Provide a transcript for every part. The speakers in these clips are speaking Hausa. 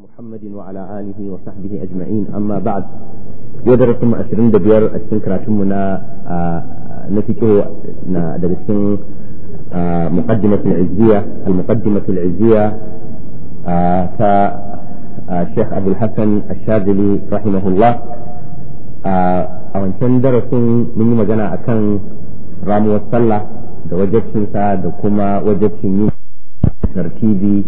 محمد وعلى آله وصحبه أجمعين أما بعد يدركم أسرين دبير أسرين كراتم منا آه، نتيجه درسين آه، مقدمة العزية المقدمة العزية آه، فالشيخ أبو الحسن الشاذلي رحمه الله أو أن كان درس من مجانا أكن رامو الصلاة da wajabcinsa da kuma wajabcin yin tartibi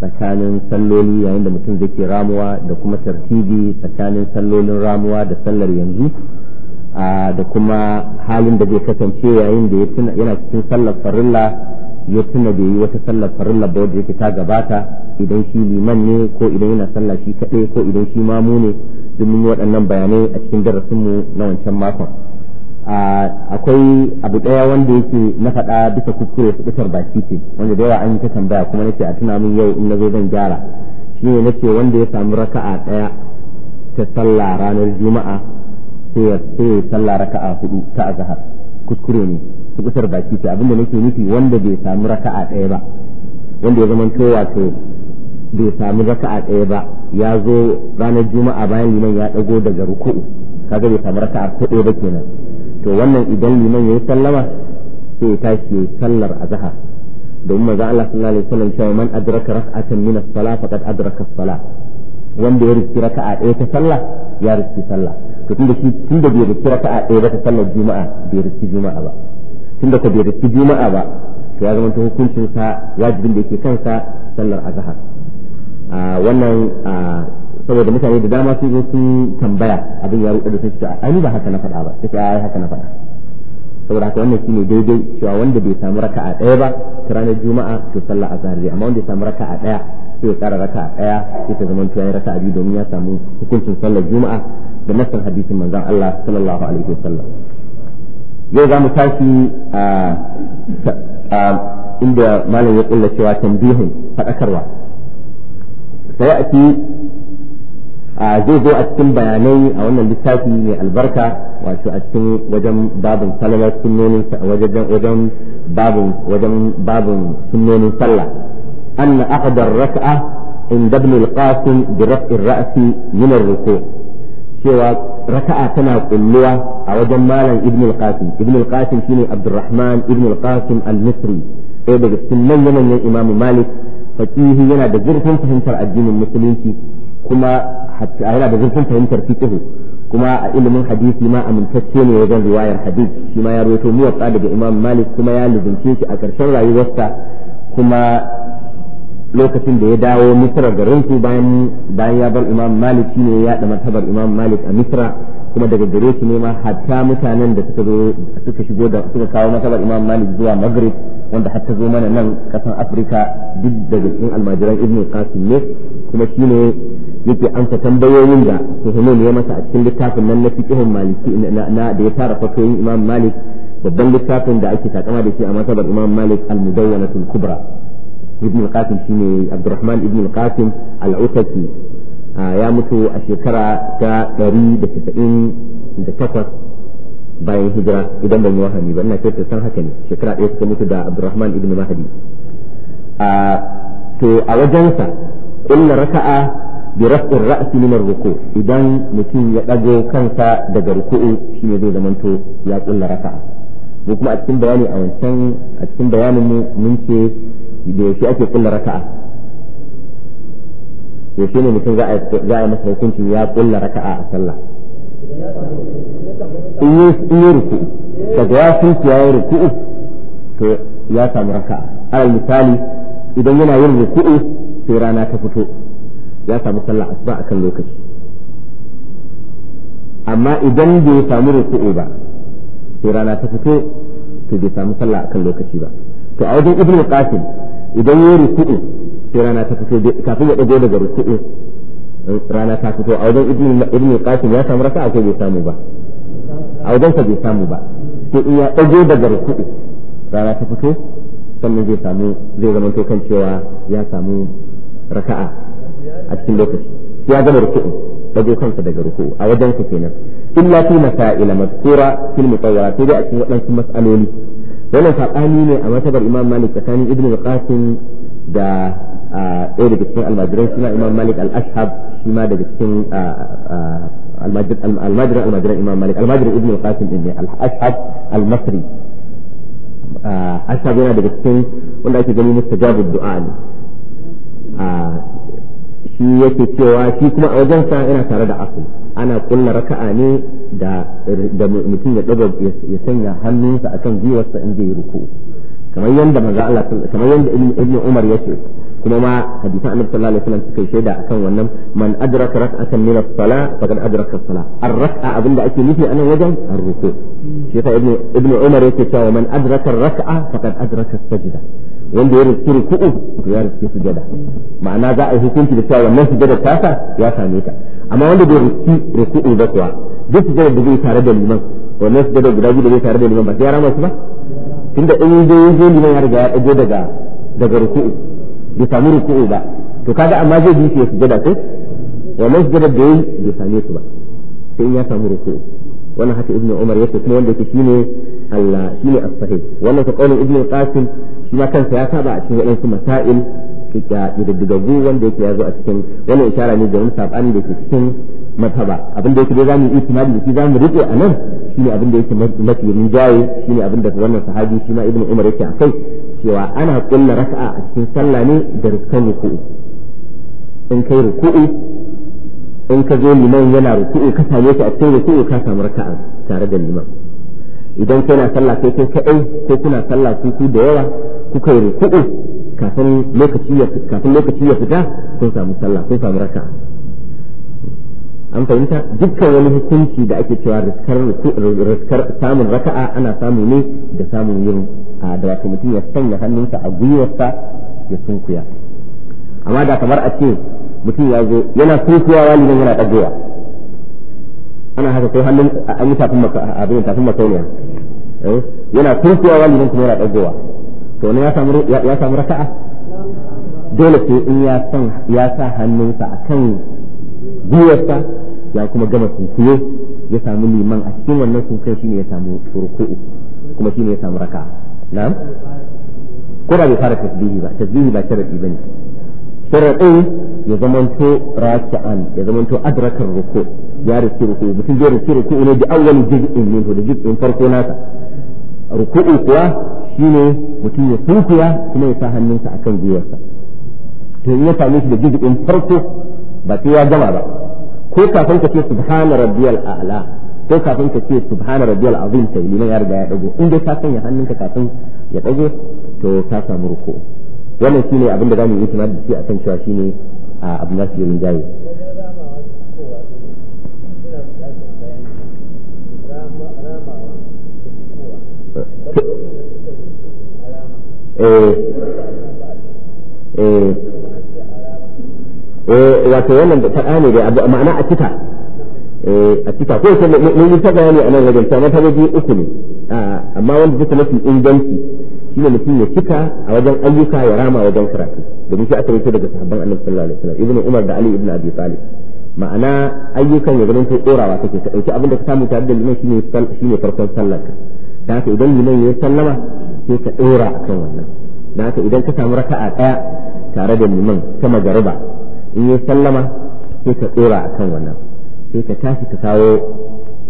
tsakanin salloli yayin da mutum zai ke ramuwa da kuma tartibi tsakanin sallolin ramuwa da sallar yanzu da kuma halin da zai kasance yayin da yana cikin sallar farilla ya tuna da yi wata sallar farilla ba wadda yake ta gabata idan shi liman ne ko idan yana sallah shi kaɗai ko idan shi mamu ne domin waɗannan bayanai a cikin darasinmu na wancan makon. akwai abu ɗaya wanda yake na faɗa bisa kuskure su fitar baki ce wanda da yawa an yi ta tambaya kuma nace a tuna min yau in nazo zan gyara shi shine nace wanda ya samu raka'a ɗaya ta sallah ranar juma'a sai ya sallah raka'a hudu ta azhar kuskure ne su fitar baki ce abinda nake nufi wanda bai samu raka'a ɗaya ba wanda ya zama to wato bai samu raka'a ɗaya ba ya zo ranar juma'a bayan liman ya ɗago daga ruku'u kaga bai samu raka'a ko ɗaya ba kenan to wannan idan liman yayi sallama sai ya tashi sallar azhar domin maza Allah sallallahu alaihi wasallam cewa man adraka rak'atan min as-salah faqad adraka as-salah wanda ya ka raka'a ɗaya ta sallah ya riki sallah to tunda shi tunda bai riki raka'a ɗaya ba ta sallar juma'a bai riki juma'a ba tunda ko bai riki juma'a ba to ya zama ta hukuncin sa wajibin da yake kansa sallar azhar ah, wannan ah, saboda mutane da dama sun zo sun tambaya abin ya ruɗa da sun ce ai ba haka na faɗa ba sai ai haka na faɗa saboda haka wannan shine daidai cewa wanda bai samu raka'a ɗaya ba ta ranar juma'a to sallah azhar zai amma wanda ya samu raka'a ɗaya sai ya tsara raka'a ɗaya sai ta zama tuwaye raka'a biyu domin ya samu hukuncin sallar juma'a da nassar hadisin manzon Allah sallallahu alaihi wasallam yau za mu tashi a inda malam ya kulla cewa tambihin faɗakarwa sayati zai zo a cikin bayanai a wannan littafi mai albarka wato a cikin wajen babin salama sunnonin wajen wajen babin wajen babin sunnonin sallah anna aqdar rak'a inda ibn al-qasim raf'i ra'si min ar-ruku cewa raka'a tana kulluwa a wajen malam ibn al-qasim ibn qasim shine abdurrahman ibn al-qasim al-misri ɗaya daga cikin manyan imamu malik faqihi yana da zurfin fahimtar addinin musulunci kuma hatta yana da zurfin fahimtar fiqh kuma a ilimin hadisi ma amintacce ne wajen riwayar hadis shi ma ya rawaito muwatta daga Imam Malik kuma ya lizince shi a ƙarshen rayuwarsa kuma lokacin da ya dawo Misra garin su bayan bayan ya bar Imam Malik shine ya da martabar Imam Malik a Misra kuma daga gare shi ne ma hatta mutanen da suka zo suka shigo da suka kawo martabar Imam Malik zuwa Maghrib wanda har ta zo mana nan kasan afirka duk daga cikin almajiran ibn qasim ne kuma shine yake amsa tambayoyin da suhunun ya masa a cikin littafin nan na fiqhun maliki na da ya tara fatoyin imam malik babban littafin da ake takama da shi a masabar imam malik al kubra ibn qasim ne abdurrahman ibn qasim al-utaki ah, ya mutu a shekara ta takwas. bayan hijira idan ban yi wahani ba ina kyautar san haka ne shekara ɗaya suka mutu da abdurrahman ibn mahdi a to a wajensa kulla raka'a bi raf'i ra'si min ruku idan mutum ya dago kansa daga ruku'u shine zai zamanto ya kulla raka'a mu kuma a cikin bayani a wancan a cikin bayanin mu mun ce da yaushe ake kulla raka'a yaushe ne mutum za a yi masa hukunci ya kulla raka'a a sallah in yi ruku daga ya sunki ya yi ruku'u to ya samu raka alal misali idan yana yin ruku'u sai rana ta fito ya samu sallah asuba kan lokaci amma idan bai samu ruku'u ba sai rana ta fito to bai samu sallah a kan lokaci ba to a wajen ibnu qasim idan yi ruku'u sai rana ta fito kafin ya dago daga ruku'u rana ta fito a wajen ibn qasim ya samu raka'a ko bai samu ba a wajen sa bai samu ba sai in ya dago daga ruku'u rana ta fito sannan zai samu zai zama to kan cewa ya samu raka'a a cikin lokaci ya gama ruku'u dago kansa daga ruku'u a wajen ka kenan illa fi masail madkura fil mutawwala sai dai a cikin waɗansu mas'aloli wannan saɓani ne a matabar imam malik tsakanin ibn qasim da ah, ɗaya daga cikin almajiran suna imam malik al-ashhab shi ma daga cikin almajirin ah, ah, almajirin imam malik almajirin ibn al-qasim ibn al ashab al-masri ah, ashab yana daga cikin wanda ake gani mustajabu du'a ne shi yake cewa shi kuma a wajen sa yana tare da asu ana kulla raka'a ne da da mutum ya daga ya sanya hannunsa akan gwiwarsa in zai ruku kamar yanda maza Allah kamar yanda ibn Umar yake kuma ma hadisan annabi sallallahu alaihi wasallam suka shaida akan wannan man adraka rak'atan min as-salah faqad adraka as-salah ar-rak'a abinda ake nufi anan wajen ar-ruku shi ta ibnu ibnu umar yake cewa man adraka ar-rak'a faqad adraka as-sajda wanda ya riski ruku'u to ya su sujada ma'ana za a yi hukunci da cewa wannan sujada sa ya same ta amma wanda bai rike ruku'u ba kuwa duk sujada da zai tare da liman wannan sujada guda biyu da zai tare da liman ba sai ya rama su ba tunda in zai zo liman ya riga ya dago daga daga ruku'u bai sami ruku'u ba to kaga amma zai bi ya sujada sai wannan sujada da yayi bai same su ba sai in ya samu ruku'u wannan haka ibnu umar yake kuma wanda yake shine Allah shine as-sahih wannan ka kaulin ibnu qasim shi ma kansa ya saba a cikin wadansu masail kika ididdigaggu wanda yake yazo a cikin wannan ishara ne da wani sabani da yake cikin mazhaba abin da yake dai zamu yi itimadi da shi zamu rike a nan shine abin da yake mafi rinjaye shine abin da wannan sahabi shi ma ibnu umar yake akai cewa ana kulla raka'a a cikin sallah ne da rukan ruku'u in kai ruku'u in ka zo liman yana ruku'u ka same shi a cikin ruku'u ka samu raka'a tare da liman idan kana sallah sai kai kadai sai kuna sallah su ku da yawa kuka yi ruku'u kafin lokaci ya kafin lokaci ya fita kun samu sallah kun samu raka'a an fahimta dukkan wani hukunci da ake cewa riskar samun raka'a ana samu ne da samun yin da wata mutum ya sanya hannunsa a gwiwarsa ya sunkuya amma da kamar a ce mutum ya zo yana sunkuyawa walidan yana ɗagowa ana haka ko hannun an yi tafin abin tafin makauniya eh, yana sunkuyawa walidan kuma yana ɗagowa to ne ya samu raka'a dole sai in ya sa hannunsa akan gwiwarsa ya kuma gama sunkuye ya samu liman a cikin wannan shi shine ya samu ruku'u kuma shine ya samu raka na'am ko da bai fara tasbihi ba tasbihi ba sharadi bane sharadi ya zamanto raka'an ya zamanto adrakar ruku ya riski ruku mutum zai riski ruku ne da awwal juz'in minhu da juz'in farko nasa ruku'u kuwa shine mutum ya sunkuya kuma ya sa hannunsa akan gwiwarsa to in ya same shi da juz'in farko ba sai ya gama ba ko kafin ka ce subhana rabbiyal a'la ko kafin ka ce subhana rabbiyal azim sai liman ya riga ya dago in dai ka sanya hannunka kafin ya dago to ka samu ruku wannan shine abin da zamu yi itimad da shi akan cewa shine abin da yake jayi eh eh eh wato wannan da faɗa ne da ma'ana a cika eh, a cika ko sai mun yi ta ne a nan wajen ta mata waje uku ne amma wanda duka mafi inganci shi ne mutum ya cika a wajen ayyuka ya rama wajen karatu domin shi aka yi daga sahabban annabi sallallahu alaihi wasallam ibnu umar da ali ibnu abi talib ma'ana ayyukan ya ganin to dorawa take ka dauki abin da ka samu tare da liman shine shine farkon sallar ka da haka idan liman ya sallama sai ka dora akan wannan da haka idan ka samu raka'a daya tare da liman ta magariba in yi sallama sai ka tsora a kan wannan sai ka tashi ka kawo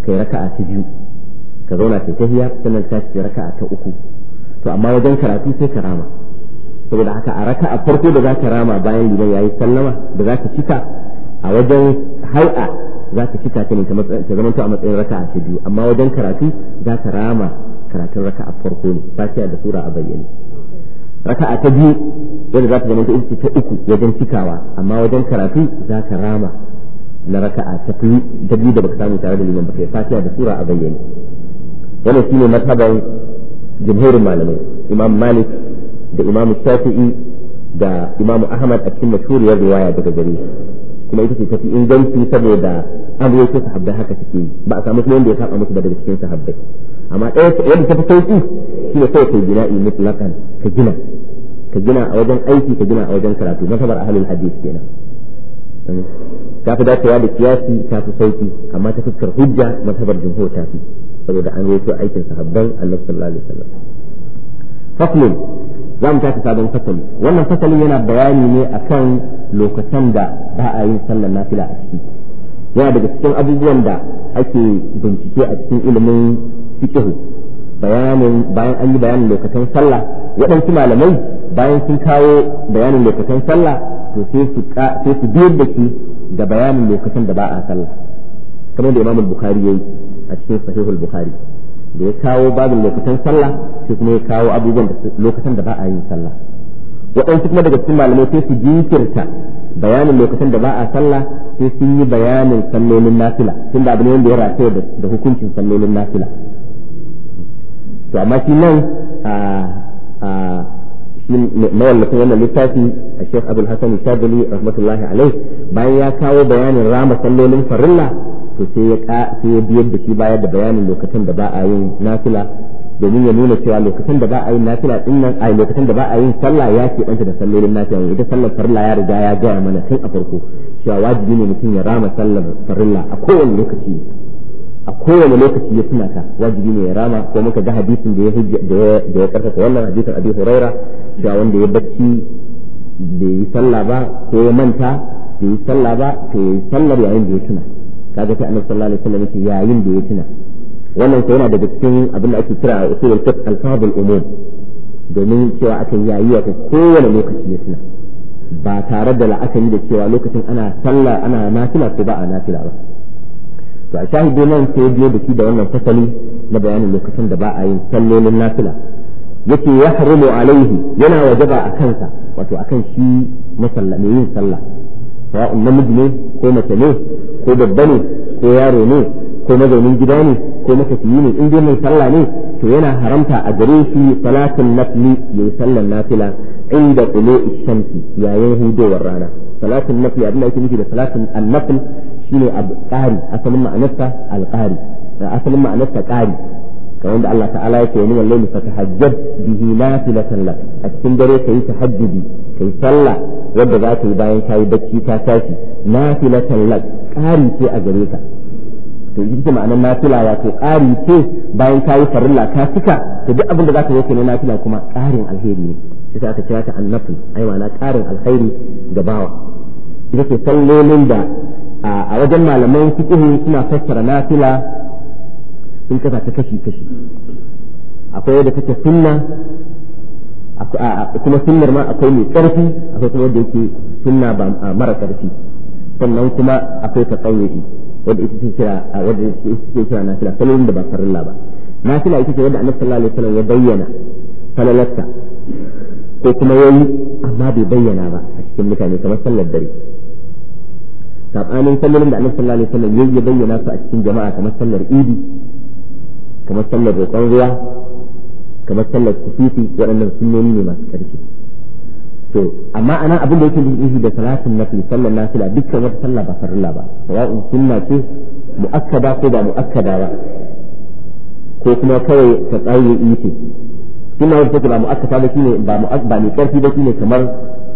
kai raka ta biyu ka zauna kai tahiya sannan ka tashi a ta uku to amma wajen karatu sai ka rama saboda haka a raka a farko da za ka rama bayan ya yi sallama da za ka cika a wajen hau'a za ka cika ta ne ta zama a matsayin raka'a ta biyu amma wajen karatu za ka rama karatun raka a farko ne fatiha da sura a bayyane raka'a ta biyu yadda za ta zama ita ta uku wajen cikawa amma wajen karatu za ka rama na raka'a ta biyu ta da baka samu tare da liman ba fatiha da sura a bayyane wannan shine mazhaban jumhurin malamai imam malik da imam shafi'i da imam ahmad a cikin mashuriyar riwaya daga gare kuma ita ce tafi inganci saboda an ruwaito sahabbai haka suke ba a samu kuma wanda ya saba musu daga cikin sahabbai amma ɗaya yadda ta fi sauki shi ne sai ka gina in mutlaqan ka gina ka gina a wajen aiki ka gina a wajen karatu halin ahlul hadith kenan ta fi dacewa da kiyasi ta fi sauki amma ta fuskar hujja masabar jumhur ta fi saboda an yi aikin sahabban Allah sallallahu alaihi wasallam fasalin za mu tafi sabon fasali wannan fasalin yana bayani ne a kan lokacin da ba a yin sallar nafila a ciki yana daga cikin abubuwan da ake bincike a cikin ilimin fiqh bayanin bayan an yi bayanin lokacin sallah waɗansu malamai bayan sun kawo bayanin lokacin sallah to sai su su biyar da shi da bayanin lokacin da ba a sallah kamar da bukari Bukhari yayi a cikin Sahihul Bukhari da ya kawo babin lokacin sallah sai kuma ya kawo abubuwan da lokacin da ba a yin sallah waɗansu kuma daga cikin malamai sai su jinkirta bayanin lokacin da ba a sallah sai sun yi bayanin sallolin nafila tunda abu ne wanda ya rataya da hukuncin sallolin nafila to amma shi nan shi wannan littafi a Sheikh Abdul Hassan Shadili rahmatullahi alai bayan ya kawo bayanin rama sallolin farilla to sai ya sai ya biyar da shi bayar da bayanin lokacin da ba a yin nafila domin ya nuna cewa lokacin da ba a yin nafila din nan a lokacin da ba a yin sallah ya ke danta da sallolin nafila ne ita sallar farilla ya riga ya gaya mana tun a farko cewa wajibi ne mutum ya rama sallar farilla a kowane lokaci a kowane lokaci ya tuna ta wajibi ne ya rama ko muka ga hadisin da ya da ya karfafa wannan hadisin abi huraira da wanda ya bacci da yi sallah ba ko ya manta da yi sallah ba to ya sallar yayin da ya tuna kaga ta annabi sallallahu alaihi wasallam ya yayin da ya tuna wannan sai yana daga cikin abin da ake kira a usulul fiqh al-fadl umum domin cewa akan yayi wa kowane lokaci ya tuna ba tare da la'akari da cewa lokacin ana sallah ana nafila ko ba a nafila ba to a shahidu nan sai biyo da shi da wannan fasali na bayanin lokacin da ba a yin sallolin nafila yake ya harimu alaihi yana wajaba a kansa wato akan shi masalla mai yin sallah sawa'un namiji ne ko mace ne ko babba ne ko yaro ne ko mazaunin gida ne ko matafiyi ne in dai mai sallah ne to yana haramta a gare shi salatin nafli yayi sallar nafila inda ulu shamsi yayin hudowar rana salatin nafli abin da ake nufi da salatin annafl shine abu qari asalin ma'anarsa alqari asalin ma'anarsa qari kamar da Allah ta'ala yake yi wannan fa fatahajjab bihi nafilatan lak a cikin dare kai tahajjudi kai sallah wanda za ka yi bayan ka yi bacci ta tashi nafilatan lak qari ce a gare ka to ita ma'anar nafila wato qari ce bayan ka yi farilla ka fika to duk abin da za ka yi na nafila kuma qarin alheri ne sai aka kira ta annafil ai ma'ana qarin alheri ga bawa ita ce sallolin da a wajen malaman fiqh suna fassara nafila sun kasa ta kashi kashi akwai wadda take sunna kuma sunnar ma akwai mai ƙarfi akwai kuma wadda yake sunna ba mara ƙarfi sannan kuma akwai tsatsauyi wadda ita ce kira wadda ita ce kira nafila salolin da ba farilla ba nafila ita ce wadda annabi sallallahu alaihi wasallam ya bayyana falalarta ko kuma yayi amma bai bayyana ba a cikin mutane kamar sallar dare sabanin sallolin da annabi sallallahu alaihi wasallam ya bayyana su a cikin jama'a kamar sallar idi kamar sallar roƙon ruwa kamar sallar kusufi waɗannan sunnoni ne masu ƙarfi to amma ana abin da yake nufi da salatin nafil sallar nafila dukkan wata sallah ba farilla ba sawa'un sunna ce mu'akkada ko ba mu'akkada ba ko kuma kawai ka tsaye yi ce sunna wata ba mu'akkada ba shine ba ba mai ƙarfi ba shine kamar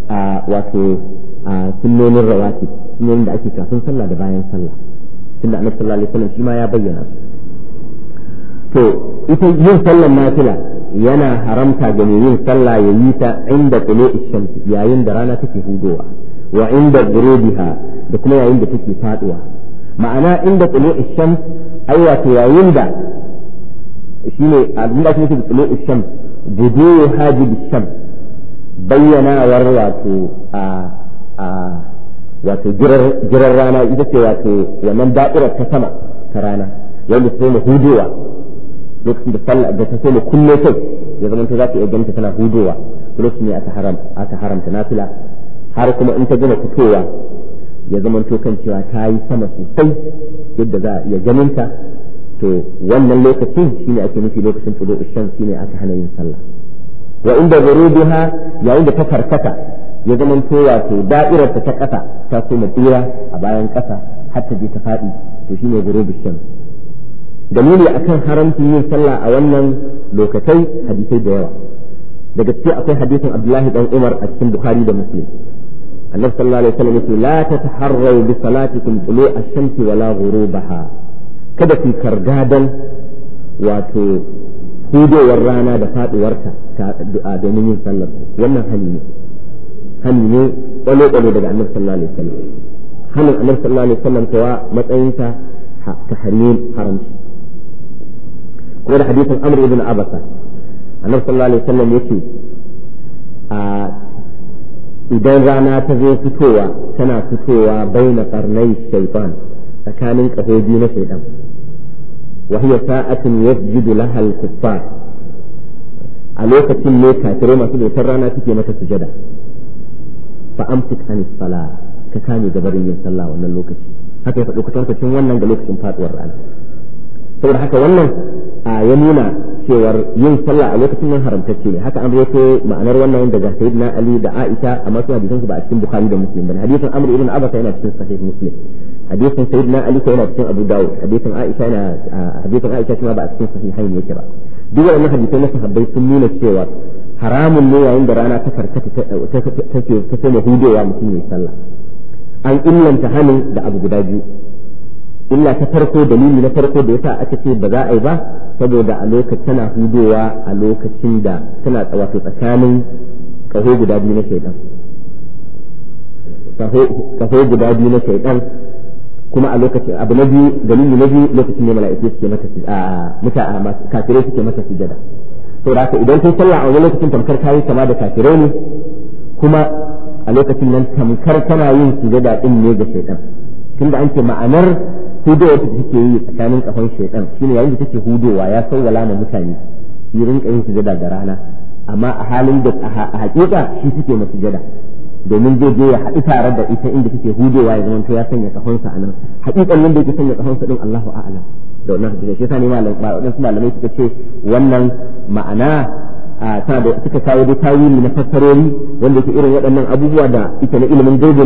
a wato a sunnonin rawati sunnonin da ake kafin sallah da bayan sallah tunda annabi sallallahu alaihi wasallam shi ma ya bayyana su. to ita yin sallar nafila yana haramta ga mai yin sallah ya yi ta inda tulu'i ishan yayin da rana take hudowa wa inda gurubiha da kuma yayin da take faduwa ma'ana inda tulu'i ishan ai wato yayin da ne abin da ake nufi da tulu'i shams gudu hajib shams bayyanawar wato a a wato jirar rana ita ce wato wannan da'irar ta sama ta rana wanda ta mu hudowa lokacin da sallah da ta so mu kunne kai ya zama ta za ta iya ganta tana hudowa lokacin ne aka haram aka haramta nafila har kuma in ta gama fitowa ya zama to kan cewa ta yi sama sosai yadda za a iya ganin ta to wannan lokacin shine ake nufi lokacin fudu shan shine aka hana yin sallah wa inda ghurubiha yayin da ta farkata ya zama to wato da'irarsa ta ƙasa ta koma tsira a bayan ƙasa har ta je ta faɗi to shi ne gurubu shams dalili akan haramci yin sallah a wannan lokatai hadisai da yawa daga cikin akwai hadisin Abdullahi dan Umar a cikin Bukhari da Muslim annabi sallallahu alaihi wasallam yace la tataharru bi salatikum tulu ash-shamsi wala ghurubaha kada ku kargadan wato hudowar rana da faduwarta domin yin sallar wannan hali ne hani ne kwalo-kwalo daga annabi sallallahu alaihi wasallam hanin annabi sallallahu alaihi wasallam kuwa matsayinta tahrim haramci kuma da hadisin amr ibn abasa annabi sallallahu alaihi wasallam yake a idan rana ta zo fitowa tana fitowa baina qarnai shaytan tsakanin kaho biyu na shaytan wa hiya sa'atun yasjudu laha al-kuffar a lokacin ne kafirai masu bautar rana suke mata sujada fa amsik an sala ka kame gabarin yin sallah wannan lokaci haka ya faɗo kwatankwacin wannan ga lokacin faduwar rana saboda haka wannan ya nuna cewar yin sallah a lokacin nan haramtacce ne haka an rawaito ma'anar wannan daga sayyidina ali da aisha a masu hadisan su ba a cikin bukhari da muslim ba hadisan amr ibn abasa yana cikin sahih muslim hadisan sayyidina ali ko yana cikin abu dawud hadisan aisha yana hadisan aisha kuma ba a cikin sahihain yake ba duk wannan hadisan na sahabbai sun nuna cewa haramun ne yayin da rana ta karkata take ta ce na ya mutum ya sallah an illanta hannun da abu guda biyu illa ta farko dalili na farko da yasa aka ce ba za a yi ba saboda a lokacin tana hudowa a lokacin da tana tsawato tsakanin kaho guda biyu na shaidan kaho guda biyu na shaidan kuma a lokacin abu na biyu dalili na biyu lokacin ne mala'iku suke mata a kafirai suke mata sujada saboda haka idan sun sallah a wani lokacin tamkar kayi kama da kafirai ne kuma a lokacin nan tamkar tana yin sujada din ne ga shaitan tunda an ce ma'anar hudowa ta take yi tsakanin kafan shaitan shine yayin da take hudowa ya sauwala ma mutane yi rinka yin sujada da rana amma a halin da a hakika shi suke na sujada domin zai je ya haɗu tare da ita inda take hudewa ya zama ya sanya kafansa a nan hakikan da yake sanya kafansa din Allahu a'lam da wannan hadisi shi yasa ne su malamai suka ce wannan ma'ana ta da suka kawo da tawili na fassarori wanda yake irin waɗannan abubuwa da ita na ilimin gobe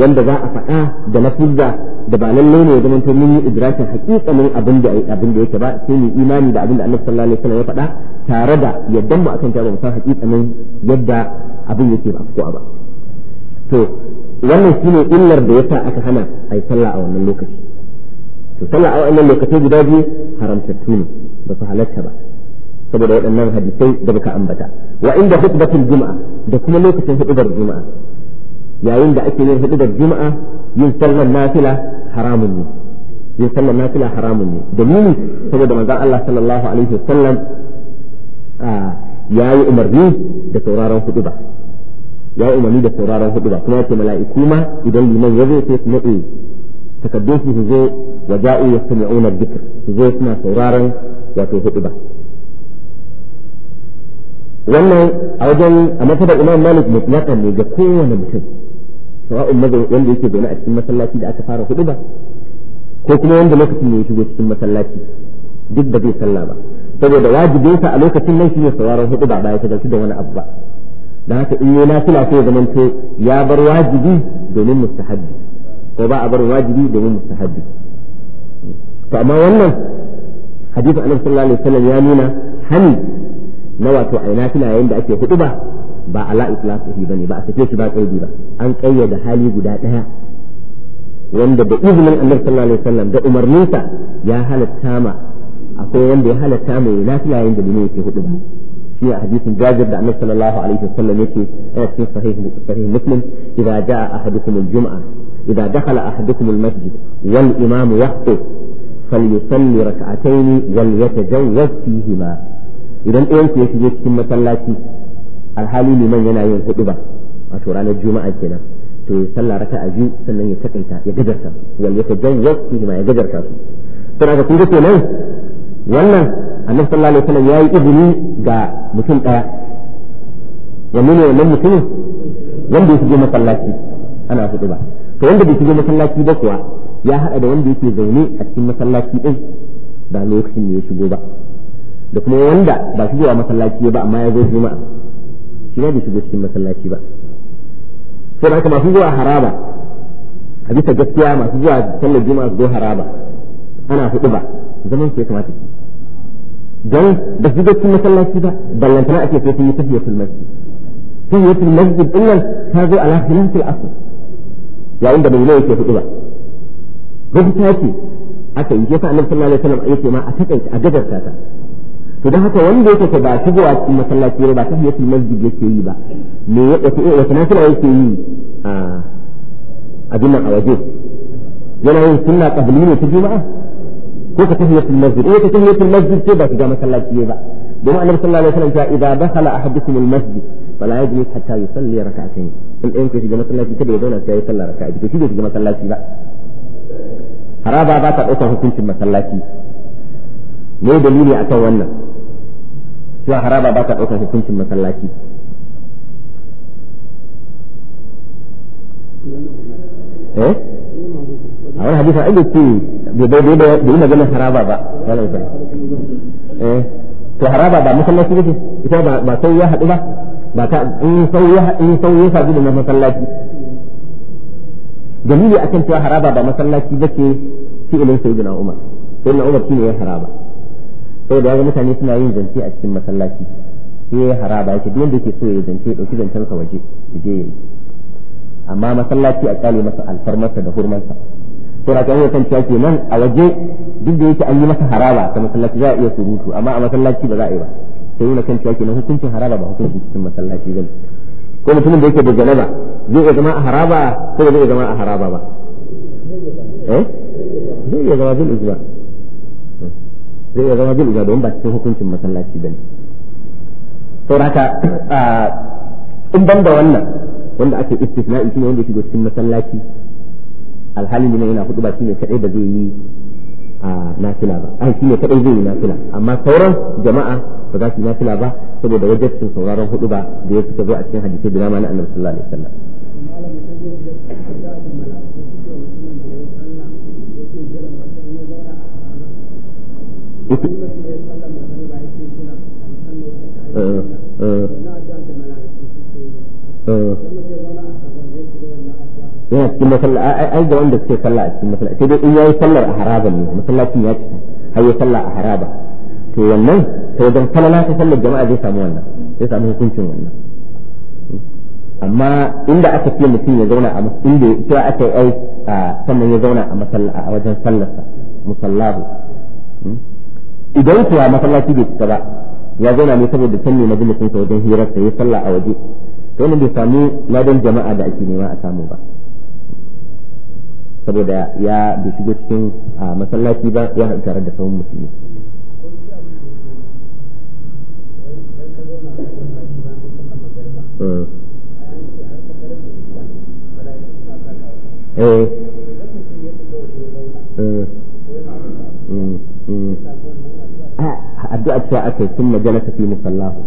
wanda za a faɗa da na fuzza da ba lalle ne ya zamanto mun yi idrakin hakikanin abin da abin da ba sai mu imani da abin da Allah sallallahu alaihi wasallam ya faɗa tare da yaddan mu akan ta ba mu san hakikanin yadda abin yake ba ko ba to wannan shi ne illar da yasa aka hana a yi sallah a wannan lokaci to sallah a wannan lokaci guda biyu haramtattu ne ba su halatta ba saboda waɗannan hadisai da baka ambata wa inda hutbatul juma'a da kuma lokacin hudubar juma'a yayin da ake yin hudubar juma'a yin sallar nafila haramun ne yin sallar nafila haramun ne dalili saboda manzon Allah sallallahu alaihi wasallam ya yi umarni da sauraron huduba ya umarni da sauraron hudu ba kuma ya ce mala'iku ma idan liman ya zo sai su nade takaddun su su zo wa ja'u aunar dhikr su zo suna sauraron wato hudu ba wannan a wajen a matsabar imam malik mutlaqan ne ga kowane mutum sawa'un wanda yake zaune a cikin masallaci da aka fara hudu ba ko kuma wanda lokacin ne ya shigo cikin masallaci duk da zai sallah ba saboda wajibinsa a lokacin nan ne sauraron hudu ba ba ya shiga da wani abu ba da haka in yi nafila sai zaman to ya bar wajibi domin mustahabbi ko ba a bar wajibi domin mustahabbi to amma wannan hadisi annabi sallallahu alaihi wasallam ya nuna hani na wato ai nafila yayin da ake hudu ba ba ala islahi bane ba a sake shi ba kaidi ba an kayyada hali guda daya wanda da izinin annabi sallallahu alaihi wasallam da umarninsa ya halatta ma akwai wanda ya halatta mai nafila yayin da ne yake hudu ba في حديث جابر عن النبي صلى الله عليه وسلم يكي في صحيح صحيح مسلم اذا جاء احدكم الجمعه اذا دخل احدكم المسجد والامام يخطب فليصلي ركعتين وليتجوز فيهما idan ɗayansu ya shige cikin masallaci alhali liman yana yin hudu ba a ranar juma'a kenan to ya sallah a biyu sannan ya takaita ya gajarta wal ya tajan wasu ma ya gajarta su sai ka kun ga kenan wannan annabi sallallahu alaihi wasallam yayi izini ga mutum ɗaya ya ne wannan mutumin wanda ya je masallaci ana hudu ba to wanda bai je masallaci ba kuwa ya haɗa da wanda yake zaune a cikin masallaci ɗin ba lokacin da ya shigo ba da kuma wanda ba shi zuwa masallaci ba amma ya zo juma'a shi ne bai shigo cikin masallaci ba sai haka masu zuwa haraba a bisa gaskiya masu zuwa sallar juma'a su zo haraba ana hudu ba zaman su ya kamata don ba su cin masallaci ba ballantana ake sai sun yi tahiyatul masjid tahiyatul masjid din nan ta zo ala khilafil asl yayin da bai ne yake hudu ba gaskiya ce aka yi yasa annabi sallallahu alaihi wasallam yake ma a takaita a gajarta ta to dan haka wanda yake ba shigowa cikin masallaci ba ta tahiyatul masjid yake yi ba me ya wace wace nafila yake yi a abin nan a waje yana yin sunna qabli ne ta juma'a ko ka tahiyatul masjid in ka tahiyatul masjid ce ba ga masallaci ba domin annabi sallallahu alaihi wasallam ya ida dakhala ahadukum al masjid fala yajlis hatta yusalli rak'atayn in ɗayan ka shiga masallaci kada ya zauna sai ya sallah rak'a ba shi ga masallaci ba haraba ba ta dauka hukuncin masallaci me dalili kan wannan cewa haraba ba ta dauka hukuncin masallaci eh a wani hadisi an ce bai bai yi maganar haraba ba wala ibrahim eh to haraba ba masallaci ne ita ba ba sai ya hadu ba ba ka in sai ya in sai ya sadu da masallaci dalili akan cewa haraba ba masallaci bace fi'ilin sayyidina umar sai sayyidina umar shine ya haraba sai da mutane suna yin zance a cikin masallaci sai ya haraba yake duk wanda yake so ya zance dauki zancen sa waje je yayi amma masallaci a kale masa alfarmarsa da hurmansa to na kan kan cewa nan a waje duk da yake an yi masa haraba ta masallaci za a iya surutu amma a masallaci ba za a yi ba sai yana kan cewa nan hukuncin haraba ba hukuncin cikin masallaci bane ko mutumin da yake da janaba zai iya zama a haraba ko zai iya zama a haraba ba eh zai iya zama bil ijma zai iya zama izwa ijma don ba cikin hukuncin masallaci ba saboda haka ah, in ban da wannan wanda ake istisna'i shine wanda yake cikin masallaci alhalin ne yana hudu ba shine kadai da zai yi a nafila ba ai shine kadai zai yi nafila amma sauran jama'a ba za su yi nafila ba saboda wajibcin sauraron hudu ba da ya fita zo a cikin hadisi da dama na annabi sallallahu alaihi wasallam Uh, uh, uh. yana cikin masallaci ai ga wanda suke sallah a cikin masallaci sai dai in yayi sallar a haraban ne masallacin ya cika har yi sallah a haraba to wannan to wajen falala ta sallar jama'a zai samu wannan zai samu hukuncin wannan amma inda aka ce mutum ya zauna a inda cewa aka yi ai sannan ya zauna a masallaci a wajen sallarsa musallahu idan kuwa masallaci bai cika ba ya zauna ne saboda can ne majalisinsa wajen hirarsa ya sallah a waje to wannan bai samu ladan jama'a da ake nema a samu ba saboda ya bai shigo cikin masallaci ba ya haɗu tare da sauran musulmi hmm. eh hmm. Hmm. addu'a ce aka yi kuma jalasa tafi musallahu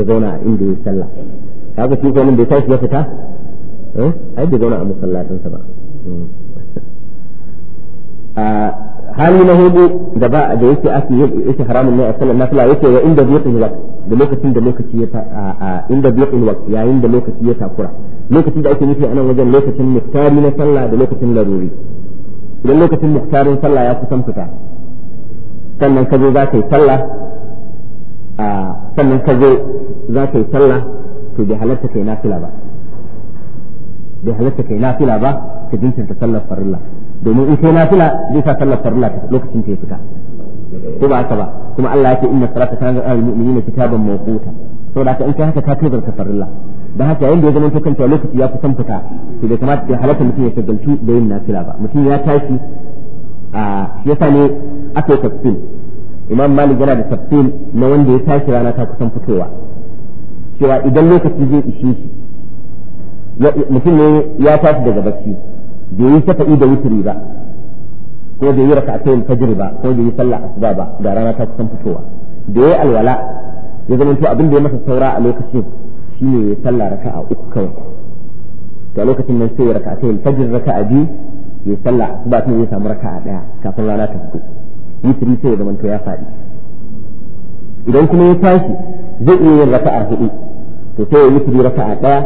ya zauna a inda ya sallah kaga shi ko mun bai tashi ya fita eh? ai bai zauna a musallatinsa ba hali na hudu da ba da yake ake yake haramun ne a sallar nafila yake wa inda biqin waqt da lokacin da lokaci ya inda biqin waqt yayin da lokaci ya takura lokacin da ake nufi a nan wajen lokacin muftari na sallah da lokacin laruri idan lokacin muftarin sallah ya kusan fita sannan ka zo za ka yi sallah sannan ka zo za ka yi sallah to bai halatta kai nafila ba bai halatta kai nafila ba ka jinkirta sallar farilla domin in sai nafila zai sa sallar farilla lokacin ta ya fita ko ba haka ba kuma Allah yake inna salata kana ga mu'minin kitaban mawquta saboda haka in kai haka ka tazar ta farilla dan haka yayin da ya zama ta kanta lokaci ya kusan fita to bai kamata ya halatta mutum ya shagaltu da yin nafila ba mutum ya tashi a ya sani aka tafsil imam malik yana da tafsil na wanda ya tashi rana ta kusan fitowa cewa idan lokaci zai ishe shi mutum ne ya tashi daga bacci bai yi shafa'i da wuturi ba ko bai yi ta fajr ba ko bai yi sallah asuba ba da rana ta kusan fitowa da yi alwala ya zama to abin da ya masa saura a lokacin shine ya sallah raka'a uku kawai to a lokacin nan sai ya raka raka'atayn fajr raka'a biyu ya sallah asuba kuma ya samu raka'a daya kafin rana ta fito wuturi sai ya zama to ya faɗi idan kuma ya tashi zai iya yin raka'a hudu to sai ya yi wuturi raka'a daya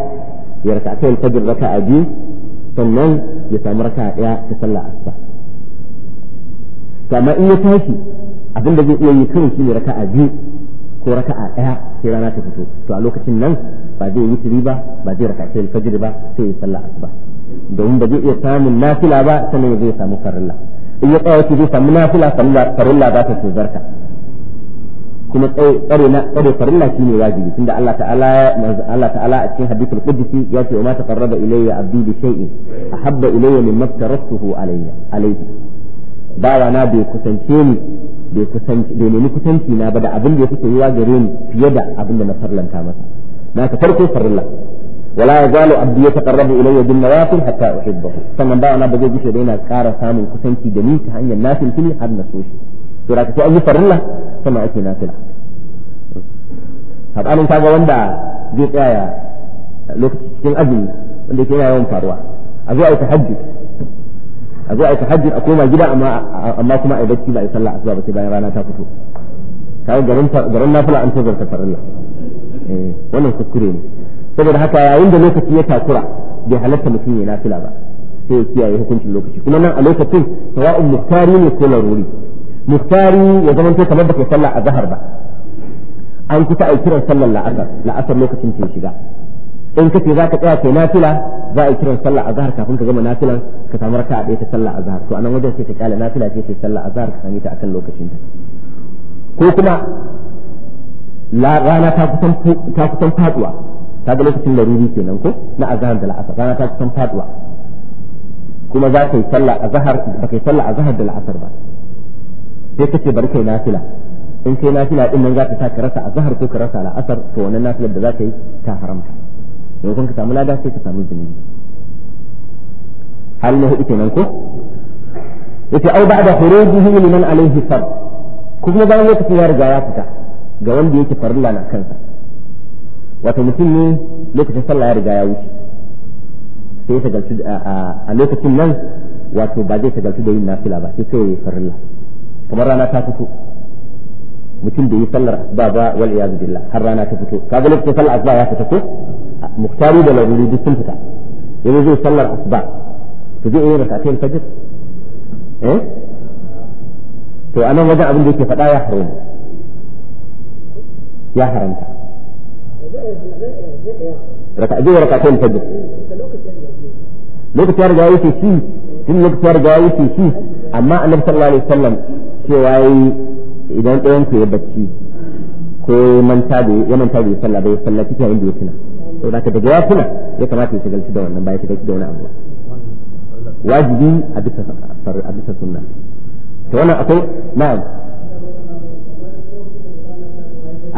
ya raka'atayn fajr raka'a biyu sannan ya samu raka ɗaya ta sallah asuba to amma in ya tashi abinda zai iya yi kawai shine raka'a biyu ko raka'a ɗaya sai rana ta fito to a lokacin nan ba zai yi tiri ba ba zai raka ta alfajir ba sai ya sallah asuba domin ba zai iya samun nafila ba sannan ya zai samu farilla in ya tsaya zai samu nafila farilla za ta zarka. kuma tsare na tsare farilla shine wajibi tunda Allah ta'ala Allah ta'ala a cikin hadithul qudsi ya ce wa ma taqarraba ilayya abdi bi shay'in ahabba ilayya mimma tarattuhu alayya alayhi bawa na bai kusance ni bai kusanci bai nemi kusanci na ba da abin da ya fito yiwa gare ni fiye da abin da na farlanta masa na ka farko farilla ولا يزال عبدي يتقرب الي بالنوافل حتى احبه sannan ba na bazai gushe da yana kara samun kusanci da ni ta hanyar nafil fili har na so to da ka farilla sama ake nafila sabanin kaga wanda zai tsaya lokacin cikin azumi wanda yake yana yawan faruwa a zo ai tahajjud a zo ai tahajjud a koma gida amma amma kuma ai bacci ba ai sallah asuba ba sai bayan rana ta fito kaga garin garin nafila an tazarta farilla eh wannan kuskure ne saboda haka yayin da lokaci ya takura bai halatta mutum ya nafila ba sai ya kiyaye hukuncin lokaci kuma nan a lokacin sawa'un muktari ne ko laruri muftari ya zama to kamar baka sallah a zahar ba an kusa ai kiran sallar la'asar la'asar lokacin ke shiga in kace za ka tsaya kai nafila za a yi kiran sallah a zahar kafin ka gama nafilan ka samu raka'a ɗaya ta sallah a zahar to anan wajen sai ka kyale nafila sai kai sallah a zahar ka sami ta akan lokacin ta ko kuma rana ta kusan ta kusan faduwa ta ga lokacin laruri kenan ko na azhar da la'asar rana ta kusan faduwa kuma za ka yi sallah a zahar ba ka sallah a zahar da la'asar ba sai kace bari kai nafila in kai nafila din nan za ta ka rasa azhar ko ka rasa asar to wannan nafilar da za ka yi ta haramta kun ka samu lada sai ka samu zunubi hal na hudu kenan ko yace au ba'da khurujihi liman alayhi fard kuma bayan lokacin ya riga ya fita ga wanda yake farilla na kansa wato mutum ne lokacin sallah ya riga ya wuce sai ya tagalci a lokacin nan wato ba zai tagalci da yin nafila ba sai sai ya farilla kamar rana ta fito mutum da yi sallar asuba ba wal iyaz billah har rana ta fito kaga lokacin sallar asuba ya fita ko muktari da laruri duk sun fita yanzu zai sallar asuba to zai yi rakatun fajr eh to anan wajen abin da yake faɗa ya haramu ya haramta raka ajiyar rakatun fajr lokacin ya riga yake shi tun lokacin ya riga yake shi amma annabi sallallahu alaihi wasallam cewa yi idan ɗayan ku ya bacci ko ya manta da ya manta da sallah bai sallah cikin inda ya tuna to da daga ya tuna ya kamata ya shigalci da wannan ba ya shigalci da wani abu wajibi a bisa sunna to wannan akwai na'am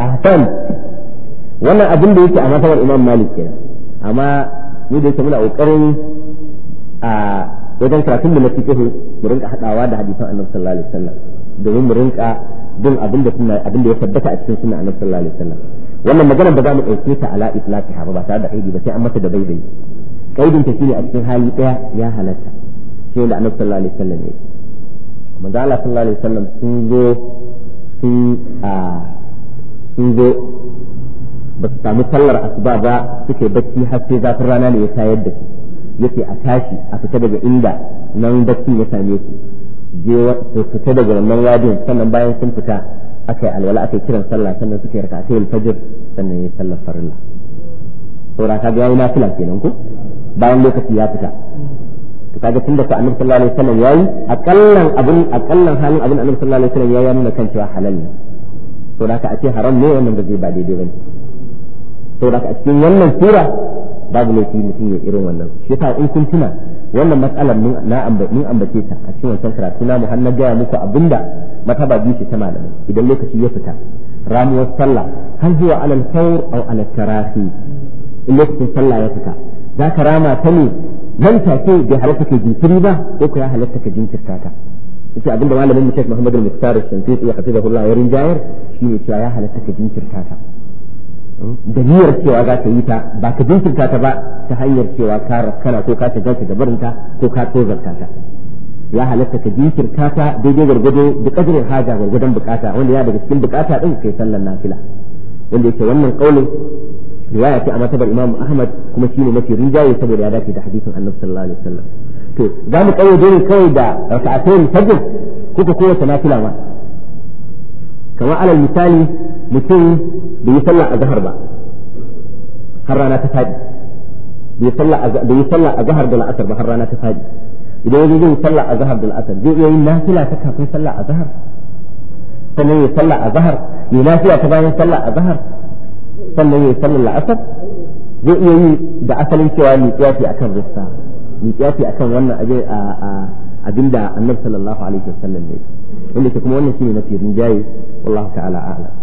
ahsan wannan abin da yake a masabar imam malik kenan amma ni da yake muna kokarin a wajen karatun da na fiqh mu rinka hadawa da hadisan annabi sallallahu alaihi wasallam domin mu rinka bin abin da suna abin da ya tabbata a cikin suna annabi sallallahu alaihi wasallam wannan magana ba za mu ɗauke ta ala islaqiha ba ba tare da haidi ba sai an mata da baibai kaidin ta shine a cikin hali daya ya halatta sai da annabi sallallahu alaihi wasallam ya manzo Allah sallallahu alaihi wasallam sun zo sun a sun zo ba su samu sallar asuba ba suke bacci har sai zafin rana ne ya tayar da su yake a tashi a fita daga inda nan bacci ya same su su fita daga wannan wadin sannan bayan sun fita aka yi alwala aka yi kiran sallah sannan suka yi raka ta fajr sannan ya sallar farilla saboda ka ga yayi nafila kenan ko bayan lokaci ya fita to kaga tunda ka annabi sallallahu alaihi wasallam yayi akallan abin akallan halin abin annabi sallallahu alaihi wasallam yayi nuna kan cewa halal ne saboda ka ake haram ne wannan ba zai ba daidai bane saboda ka a cikin wannan sura babu laifi mutum ya irin wannan shi yasa in kun tuna wannan matsalar mun ambace ta a cikin wancan karatu na muhammad gaya muku abinda mataba biyu ta malamai idan lokaci ya fita ramuwar sallah har zuwa alal fawr aw alal in lokacin sallah ya fita za ka rama ta ne nan take bai halatta ka jinkiri ba ko ko ya halatta ka jinkirta ta yace abinda malamin mu Sheikh Muhammad al-Mukhtar al-Shantiqi ya hafizahu Allah ya shi ne cewa ya halatta ka jinkirta ta da niyyar cewa za ta yi ta ba ka jinkirta ta ba ta hanyar cewa ka kana ko ka shiga da barinta ko ka tozarta ta ya halatta ka jinkirta ta daidai gwargwado da kadarin haja gwargwadon bukata wanda ya daga cikin bukata din kai sallar nafila wanda yake wannan kaulin riwaya ce a matabar Imam Ahmad kuma shine mafi rijaye saboda ya dace da hadisin Annabi sallallahu alaihi wasallam to za mu kawo dole kawai da raka'atayn fajr kuka kowace nafila ma kamar alal misali mutum bai yi sallah azhar ba har rana ta fadi bai sallah bai yi sallah azhar da la'asar ba har rana ta fadi idan yaji zai sallah azhar da la'asar zai iya yin nafila ta kafin sallah azhar sannan ya sallah azhar ya nafila ta bayan sallah azhar sannan ya sallah la'asar zai iya yi da asalin cewa ni kiyafi akan rissa ni kiyafi akan wannan abin abinda annabi sallallahu alaihi wasallam ne wanda ke kuma wannan shine mafi rinjaye wallahu ta'ala a'lam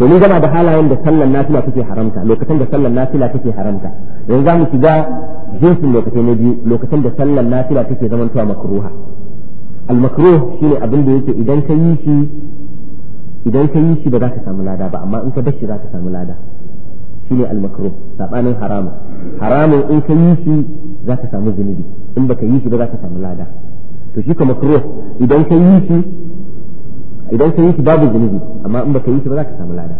to ni gama da halayen da sallan nafila take haramta lokacin da sallan nafila take haramta yanzu za mu shiga jinsin lokacin na biyu lokacin da sallan nafila take zamantowa makruha al makruh shine abin da yake idan ka yi shi idan ka yi shi ba za ka samu lada ba amma in ka bar shi za ka samu lada shine al makruh sabanin haramun haramun in ka yi shi za ka samu zunubi in baka yi shi ba za ka samu lada to shi ka makruh idan ka yi shi idan ka yi shi babu zunubi amma in baka yi shi ba za ka samu lada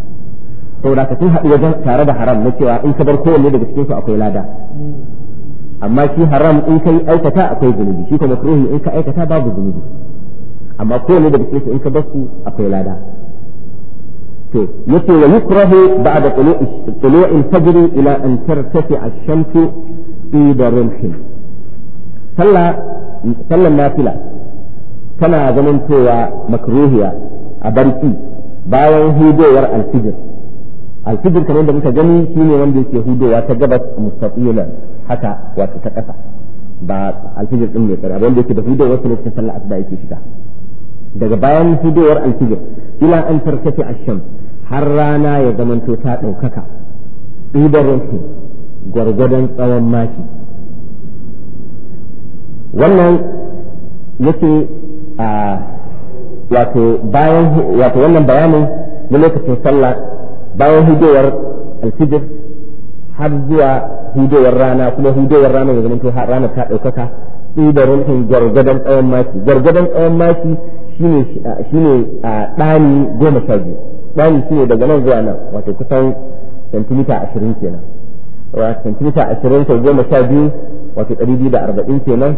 saboda ka sun haɗu wajen tare da haram na cewa in ka bar kowanne daga cikin su akwai lada amma shi haram in ka yi aikata akwai zunubi shi kuma makruhi in ka aikata babu zunubi amma kowanne daga cikin su in ka bar su akwai lada to yace wa yukrahu ba'da tulu'i al-fajr ila an tartafi ash-shamsu fi darimhin sallah sallan nafila tana ganin zamantowa makruhiya a barci bayan hudowar alfijir alfijir kamar da muka gani shi ne wanda yake hudowa ta gabas mustaqilan haka wato ta ƙasa ba alfijir din mai tsari wanda yake da hudowar su lokacin sallar asuba yake shiga daga bayan hudowar alfijir ila an tarkace asham har rana ya zamanto ta ɗaukaka ibarin su gwargwadon tsawon maki wannan yake wato bayan wato wannan bayani na lokacin sallah bayan hudowar alfijir har zuwa hudowar rana kuma hudowar rana ya har rana ta ɗaukaka da ruhin gwargwadon tsawon maki gwargwadon tsawon maki shine shine ɗani goma sha biyu ɗani shine daga nan zuwa nan wato kusan santimita ashirin kenan wato santimita ashirin sau goma sha biyu wato ɗari biyu da arba'in kenan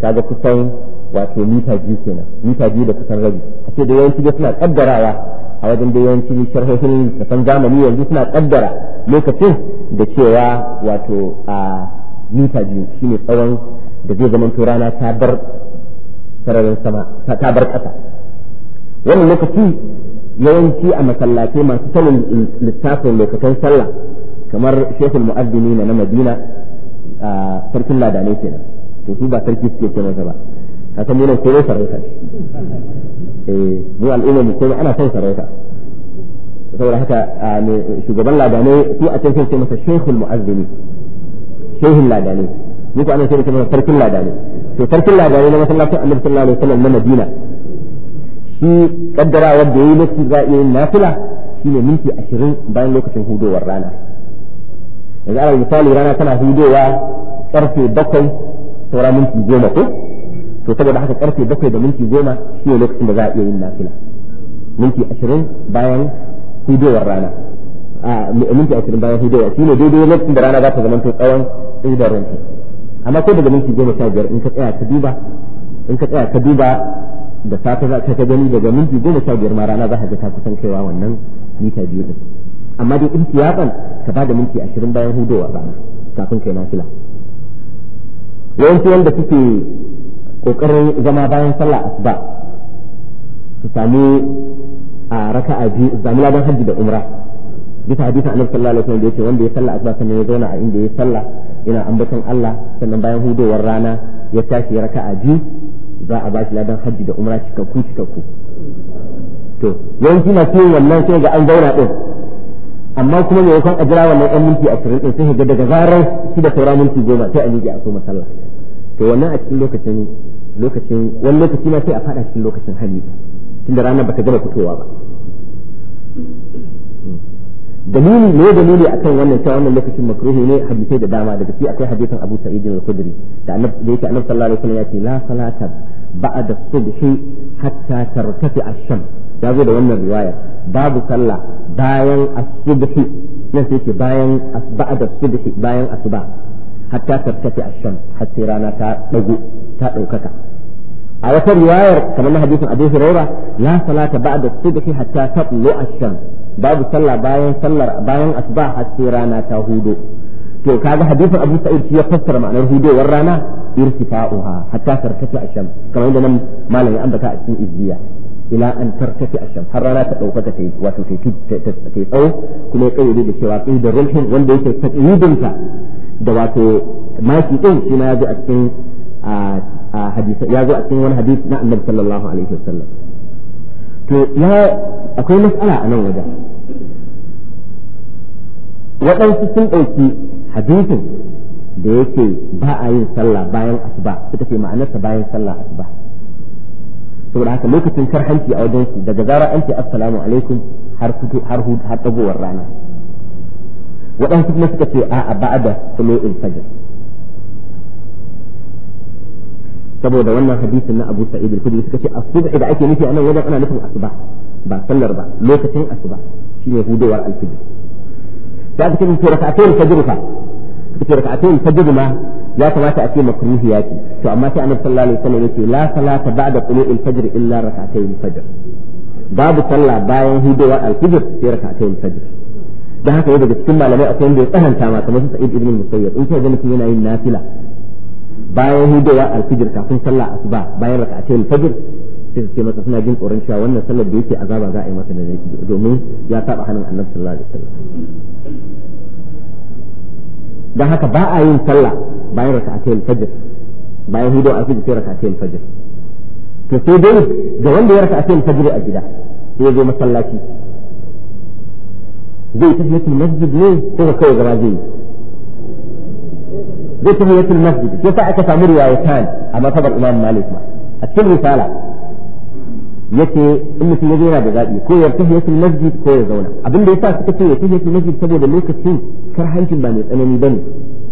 kaga kusan wato mita biyu kenan mita biyu da kusan rabi a ce da yawanci suna kaddarawa a wajen da yawanci sharhohin da zamani yanzu suna kaddara lokacin da cewa wato a mita biyu shine tsawon da zai zama to rana ta bar sararin sama ta bar kasa wannan lokaci yawanci a masallatai masu sanin littafin lokacin sallah kamar shekul mu'addini na madina a sarkin ladanai kenan to su ba sarki suke ce masa ba هكذا يقولون كيف يسرعك هو الإمام يقول أنا كيف يسرعك تقول حتى شو قبل الله داني في أتنفل كلمة الشيخ المؤذني شيخ الله داني يقول أنا كيف يسرعك ترك الله داني في ترك الله داني لما صلى الله عليه وسلم من مدينة شي قدر أودعي لك رأي النافلة شي من في أشرين بين لوك شهودو ورانا إذا انا المثال ورانا كان هودو وقرفي بكم ترى منك جمكم to saboda haka karfe bakwai da minti goma shi ne lokacin da za a iya yin nafila minti ashirin bayan hidowar rana a minti ashirin bayan hidowar shi ne daidai lokacin da rana za ta zamanto tsawon idar ranki amma ko daga minti goma sha biyar in ka tsaya ka duba in ka tsaya ka duba da safe za ka gani daga minti goma sha biyar ma rana za ka ga ta kusan kaiwa wannan mita biyu din amma dai ihtiyaban ka bada minti ashirin bayan hudowar rana kafin kai nafila yawanci wanda suke kokarin zama bayan sallah asuba su sami a raka a biyu zami ladan hajji da umra bisa hadisi annabi sallallahu alaihi wasallam da yake wanda ya sallah asuba sannan ya zauna a inda ya sallah ina ambaton Allah sannan bayan hudowar rana ya tashi a biyu za a ba shi ladan hajji da umra cikakku cikakku to yanzu na ce wannan sai ga an zauna din amma kuma me yakan ajira wannan ɗan minti ashirin din sai ga daga zarar shi da sauran minti goma sai a miƙe a so sallah to wannan a cikin lokacin lokacin wani lokaci ma sai a fada cikin lokacin hali tunda rana baka gama fitowa ba dalili ne dalili akan wannan cewa wannan lokacin makruhi ne hadisai da dama daga ciki akwai hadisin Abu Sa'id al-Khudri da annabi da yake annabi sallallahu alaihi wasallam ya ce la salata ba'da subhi hatta tartafi ash-shams ya zo da wannan riwaya babu sallah bayan as-subhi nan sai ce bayan ba'da subhi bayan asuba hatta tartafi ash-shams har sai rana ta dago ta daukaka a wata riwayar kamar na hadisin Abu Hurairah la salata ba'da subhi hatta tatlu ash-shams babu sallah bayan sallar bayan asuba har sai rana ta hudo to kaga hadisin Abu Sa'id shi ya fassara ma'anar hudowar rana irtifa'uha hatta tarkati ash-shams kamar yadda nan malam ya ambata a cikin izziya ila an tarkati ash-shams har rana ta daukaka ta wato ta ta tsawo kuma ya kayyade da cewa qidar ruhin wanda yake takyidinta da wato maki din shi na ji a cikin a hadisa ya zo a cikin wani hadisi na annabi sallallahu alaihi wasallam to ya akwai mas'ala a nan wajen waɗansu sun ɗauki hadisin da yake ba a yin sallah bayan asuba suka ce ma'anarsa bayan sallah asuba saboda haka lokacin karhanci a wajen su daga zara an ce assalamu alaikum har fito har har rana waɗansu kuma suka ce a'a ba'ada in fajr saboda wannan hadisin na Abu Sa'id al-Khudri suka ce asuba da ake nufi anan wajen ana nufin asuba ba sallar ba lokacin asuba shine hudowar al-fajr da ake yin rak'atayn fajr fa suka ce rak'atayn fajr ma ya kamata a ce makruhi ya ce to amma sai Annabi sallallahu alaihi wasallam yace la salata ba'da tulu'il fajr illa rak'atayn fajr babu sallah bayan hudowar al-fajr sai rak'atayn fajr da haka yadda daga cikin malamai akwai wanda ya tsananta ma kamar Sa'id ibn Musayyib in kai ga mutum yana yin nafila bayan hudewa alfijir kafin sallah asuba bayan rak'atayn fajr sai su ce masa suna jin tsoron cewa wannan sallar da yake azaba za a yi masa da zai domin ya saba hannun annabi sallallahu alaihi wasallam dan haka ba a yin sallah bayan rak'atayn fajr bayan hudewa alfijir sai rak'atayn fajr to sai dai ga wanda ya rak'atayn fajr a gida sai zo masallaci zai tafi masjid ne ko kawai gaba zai yi ذات هي المسجد يفعك تعمر وعيتان أما صدر إمام مالك ما أتكل رسالة يتي إن في يدينا بذلك كو يرتهي يتي المسجد كو يرزونا أبن بيسا تكتو يرتهي يتي المسجد تبو دلو كتين كرح أنت الباني أنا نبني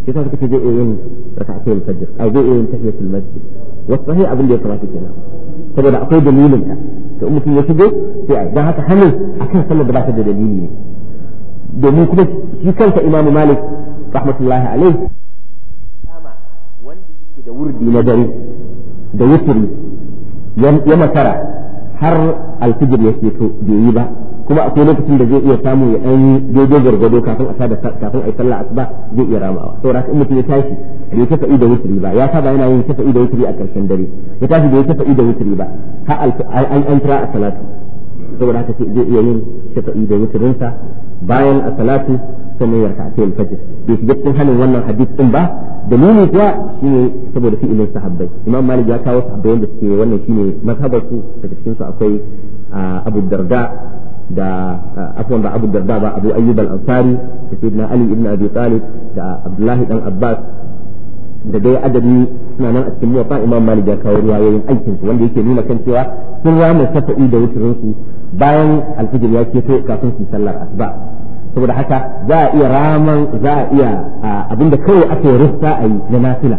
كيف تكتو جاء إيهن ركعتين الفجر أو جاء إيهن تحية المسجد والصحيح أبن بيسا تكتو تبو دعقو دليل يعني تأمو في يتي في عدها تحمل أكيد صلى بباسة دليل دمو كنت يكلت إمام مالك رحمة الله عليه da wurdi na dare da wuturi ya makara har alfijir ya to bai yi ba kuma akwai lokacin da zai iya samu ya ɗan daidai gargado kafin a sada kafin a yi sallah asuba zai iya ramawa saboda in mutum ya tashi bai ta fa'i da wuturi ba ya saba yana yin ta da wuturi a ƙarshen dare ya tashi bai ta fa'i da wuturi ba har an an kira a salatu saboda haka zai iya yin ta fa'i da wuturinsa bayan a salatu sannan ya raka'a fajr bai shiga cikin halin wannan hadith din ba dalili kuwa shine saboda fi'ilin sahabbai imam malik ya kawo sahabbai wanda suke wannan shine mazhabar su daga cikinsu akwai abu darda da afwan ba abu darda ba abu ayyub al-ansari da sayyidina ali ibn abi talib da abdullahi dan abbas da dai adadi suna nan a cikin muwatta imam malik ya kawo riwayoyin aikin su wanda yake nuna kan cewa sun rama safa'i da wutirin su bayan alfijir ya keto kafin su sallar asuba saboda haka za a iya raman za a iya abinda kawai aka yi rufta a yi na nafila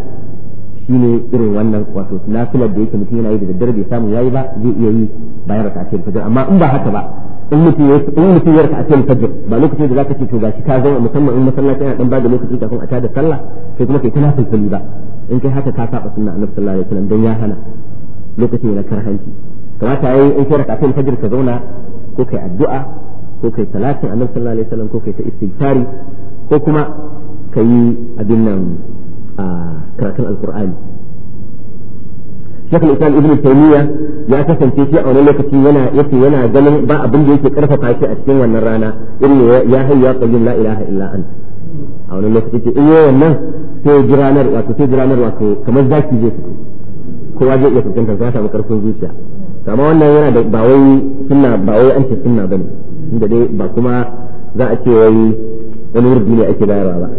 shine irin wannan wato nafilar da yake mutum yana yi da daddare bai samu yayi ba zai iya yi bayan raka ta fajr amma in ba haka ba in mutum ya in mutum ya raka ta fajr ba lokacin da zaka ce to gashi ka zo musamman in masallaci yana dan bada lokaci kafin a tada sallah sai kuma kai kana fulfuli ba in kai haka ka saba sunna annabi sallallahu alaihi wasallam dan ya hana lokacin yana karhanci kamata yayi in kai raka ta fajr ka zauna ko kai addu'a ko kai talatin annabi sallallahu alaihi wasallam ko kai ta istighfari ko kuma kai abin nan karatun alqur'ani shekul islam ibn taymiya ya kasance shi a wani lokaci yana yake yana ganin ba abin da yake karfafa shi a cikin wannan rana irin ya hayya qayyum la ilaha illa anta a wani lokaci ce in yi wannan sai jiranar wato sai jiranar wato kamar zaki zai fito kowa zai iya fuskanta za ta samu karfin zuciya amma wannan yana da ba wai sunna ba wai an ce sunna bane inda dai ba kuma za a ce wai wani wurdi ne ake bayarwa ba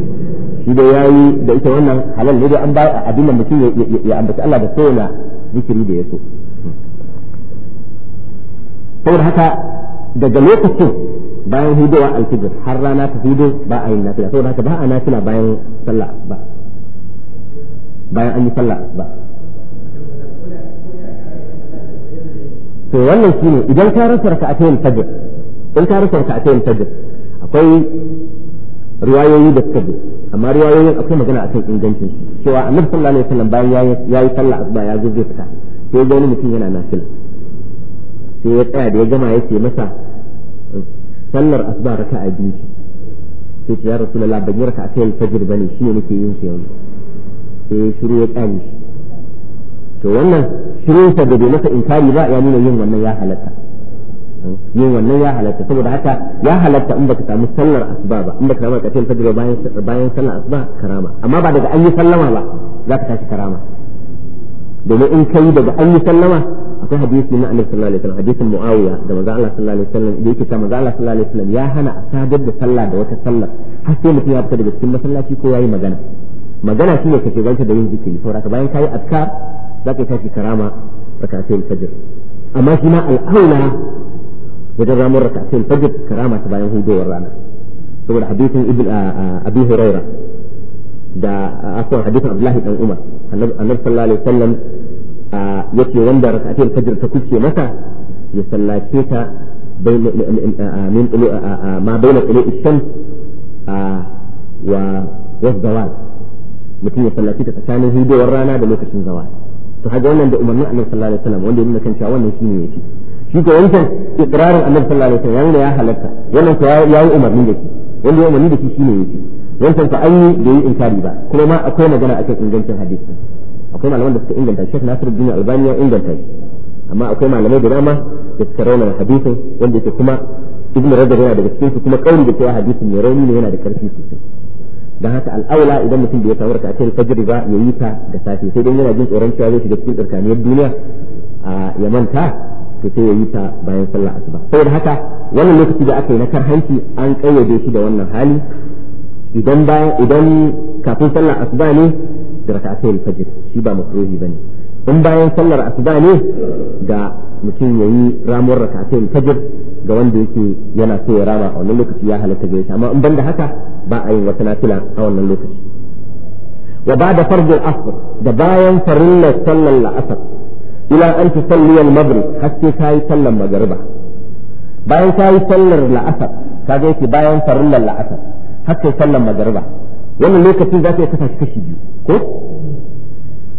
shi da yayi da ita wannan halal ne dai an ba abin da mutum ya ambaci Allah da kowane zikiri da ya so saboda haka daga lokacin bayan hudowa alfijir har rana ta hudo ba a yin nafila saboda haka ba a nafila bayan sallah ba bayan an yi sallah ba to wannan shine idan ka rasa yin fajr in ka rasa yin fajr akwai riwayoyi da suka amma riwayoyin akwai magana akan ingancin cewa annabi sallallahu alaihi wasallam bayan yayi sallah asuba ya zo zai fita sai ya wani mutum yana nafila sai ya tsaya da ya gama ya ce masa sallar asuba a biyu sai ce ya rasulullah ban yi kai fajr bane shine nake yin shi yanzu sai shiru ya tsani to wannan cikinsa da bai masa inkari ba ya nuna yin wannan ya halatta yin wannan ya halatta saboda haka ya halatta in baka samu sallar asuba ba in baka samu kafin fajr bayan bayan sallar asuba karama amma ba daga an yi sallama ba za ka tashi karama domin in kai daga an yi sallama akwai hadisi na annabi sallallahu alaihi wasallam hadisin muawiya da manzo Allah sallallahu alaihi wasallam da yake ta manzo Allah sallallahu alaihi wasallam ya hana a sadar da sallah da wata sallah har sai mutum ya fita daga cikin masallaci ko yayi magana magana shine kake zanta da yin zikiri saboda bayan kai azkar za ka tashi karama raka'atul fajr amma shi ma al'aula wajen ramar raka'atul fajr karama ta bayan hudowar rana saboda hadisin ibn abi huraira da akwai hadisin abdullahi dan umar annabi sallallahu alaihi wasallam yace wanda raka'atul fajr ta kuce masa ya sallace ta min ma bayna qulu'i shams wa wa zawal mutum ya sallace ta tsakanin hudowar rana da lokacin zawal to kaga wannan da umarnin annabi sallallahu alaihi wasallam wanda ya nuna kan cewa wannan shine yafi shi ko wancan ikrarin annabi sallallahu alaihi wasallam yana ya halatta wannan ko ya yi umarnin da shi wanda ya umarni da shi shine yafi wancan fa an yi da yi inkari ba kuma ma akwai magana akan ingancin hadisi akwai malaman da suka inganta Sheikh Nasiruddin Albani ya inganta shi amma akwai malamai da dama da suka rauna hadisin wanda yake kuma Ibn Rajab yana daga cikin su kuma kauli da cewa hadisin ne rauni ne yana da karfi sosai da haka al'aula idan mutum bai samu raka akai fajr ba ya yi ta da safe sai dan yana jin tsoron cewa zai shiga cikin tsarkaniyar duniya a ya manta to sai ya yi ta bayan sallar asuba saboda haka wannan lokaci da aka yi na karhanci an kayyade shi da wannan hali idan bayan idan kafin sallar asuba ne da raka akai fajr shi ba makruhi bane in bayan sallar asuba ne da mutum ya yi ramuwar raka akai fajr ga wanda yake yana so ya rama a wannan lokaci ya halatta gare shi amma in banda haka ba a yin wata nafila a wannan lokaci wa ba da farjin asr da bayan farillar sallar la'asar ila an ta salliyar maghrib har sai ta yi sallar magariba bayan ta yi sallar la'asar ka ga yake bayan farillar la'asar har sai sallar magariba wannan lokacin za ta yi kasa kashi biyu ko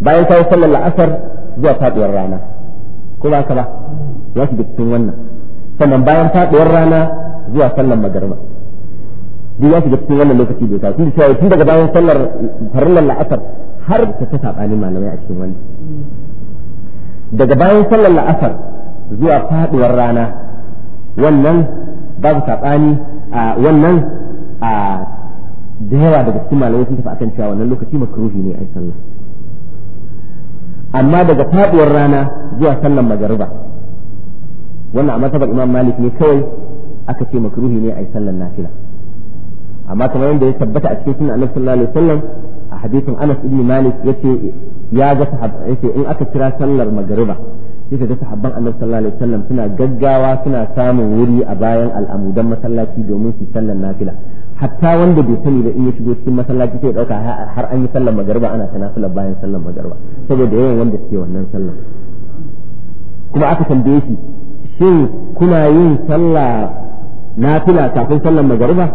bayan ta yi sallar la'asar zuwa faɗuwar rana ko ba ka ba za su bi cikin wannan sannan bayan faɗuwar rana zuwa sallar magariba duk ya shiga cikin wannan lokaci bai kawo tun cewa tun daga bayan sallar farillar la'asar har ta ta sabanin malamai a cikin wannan daga bayan sallar la'asar zuwa faduwar rana wannan babu sabani a wannan a da yawa daga cikin malamai sun tafi akan cewa wannan lokaci makruhi ne ai sallah amma daga faduwar rana zuwa sallar magariba wannan a matabar imam malik ne kawai aka ce makruhi ne ai sallar nafila amma kamar yadda ya tabbata a cikin sunan annabi sallallahu alaihi wasallam a hadisin Anas ibn Malik yace ya ga sahabbai yace in aka kira sallar magriba sai ga sahabban annabi sallallahu alaihi wasallam suna gaggawa suna samun wuri a bayan al'amudan masallaci domin su sallar nafila hatta wanda bai sani ba in ya shigo cikin masallaci sai dauka har an yi sallar magriba ana ta nafila bayan sallar magriba saboda yawan wanda suke wannan sallar kuma aka tambaye shi shin kuna yin sallah nafila kafin sallar magriba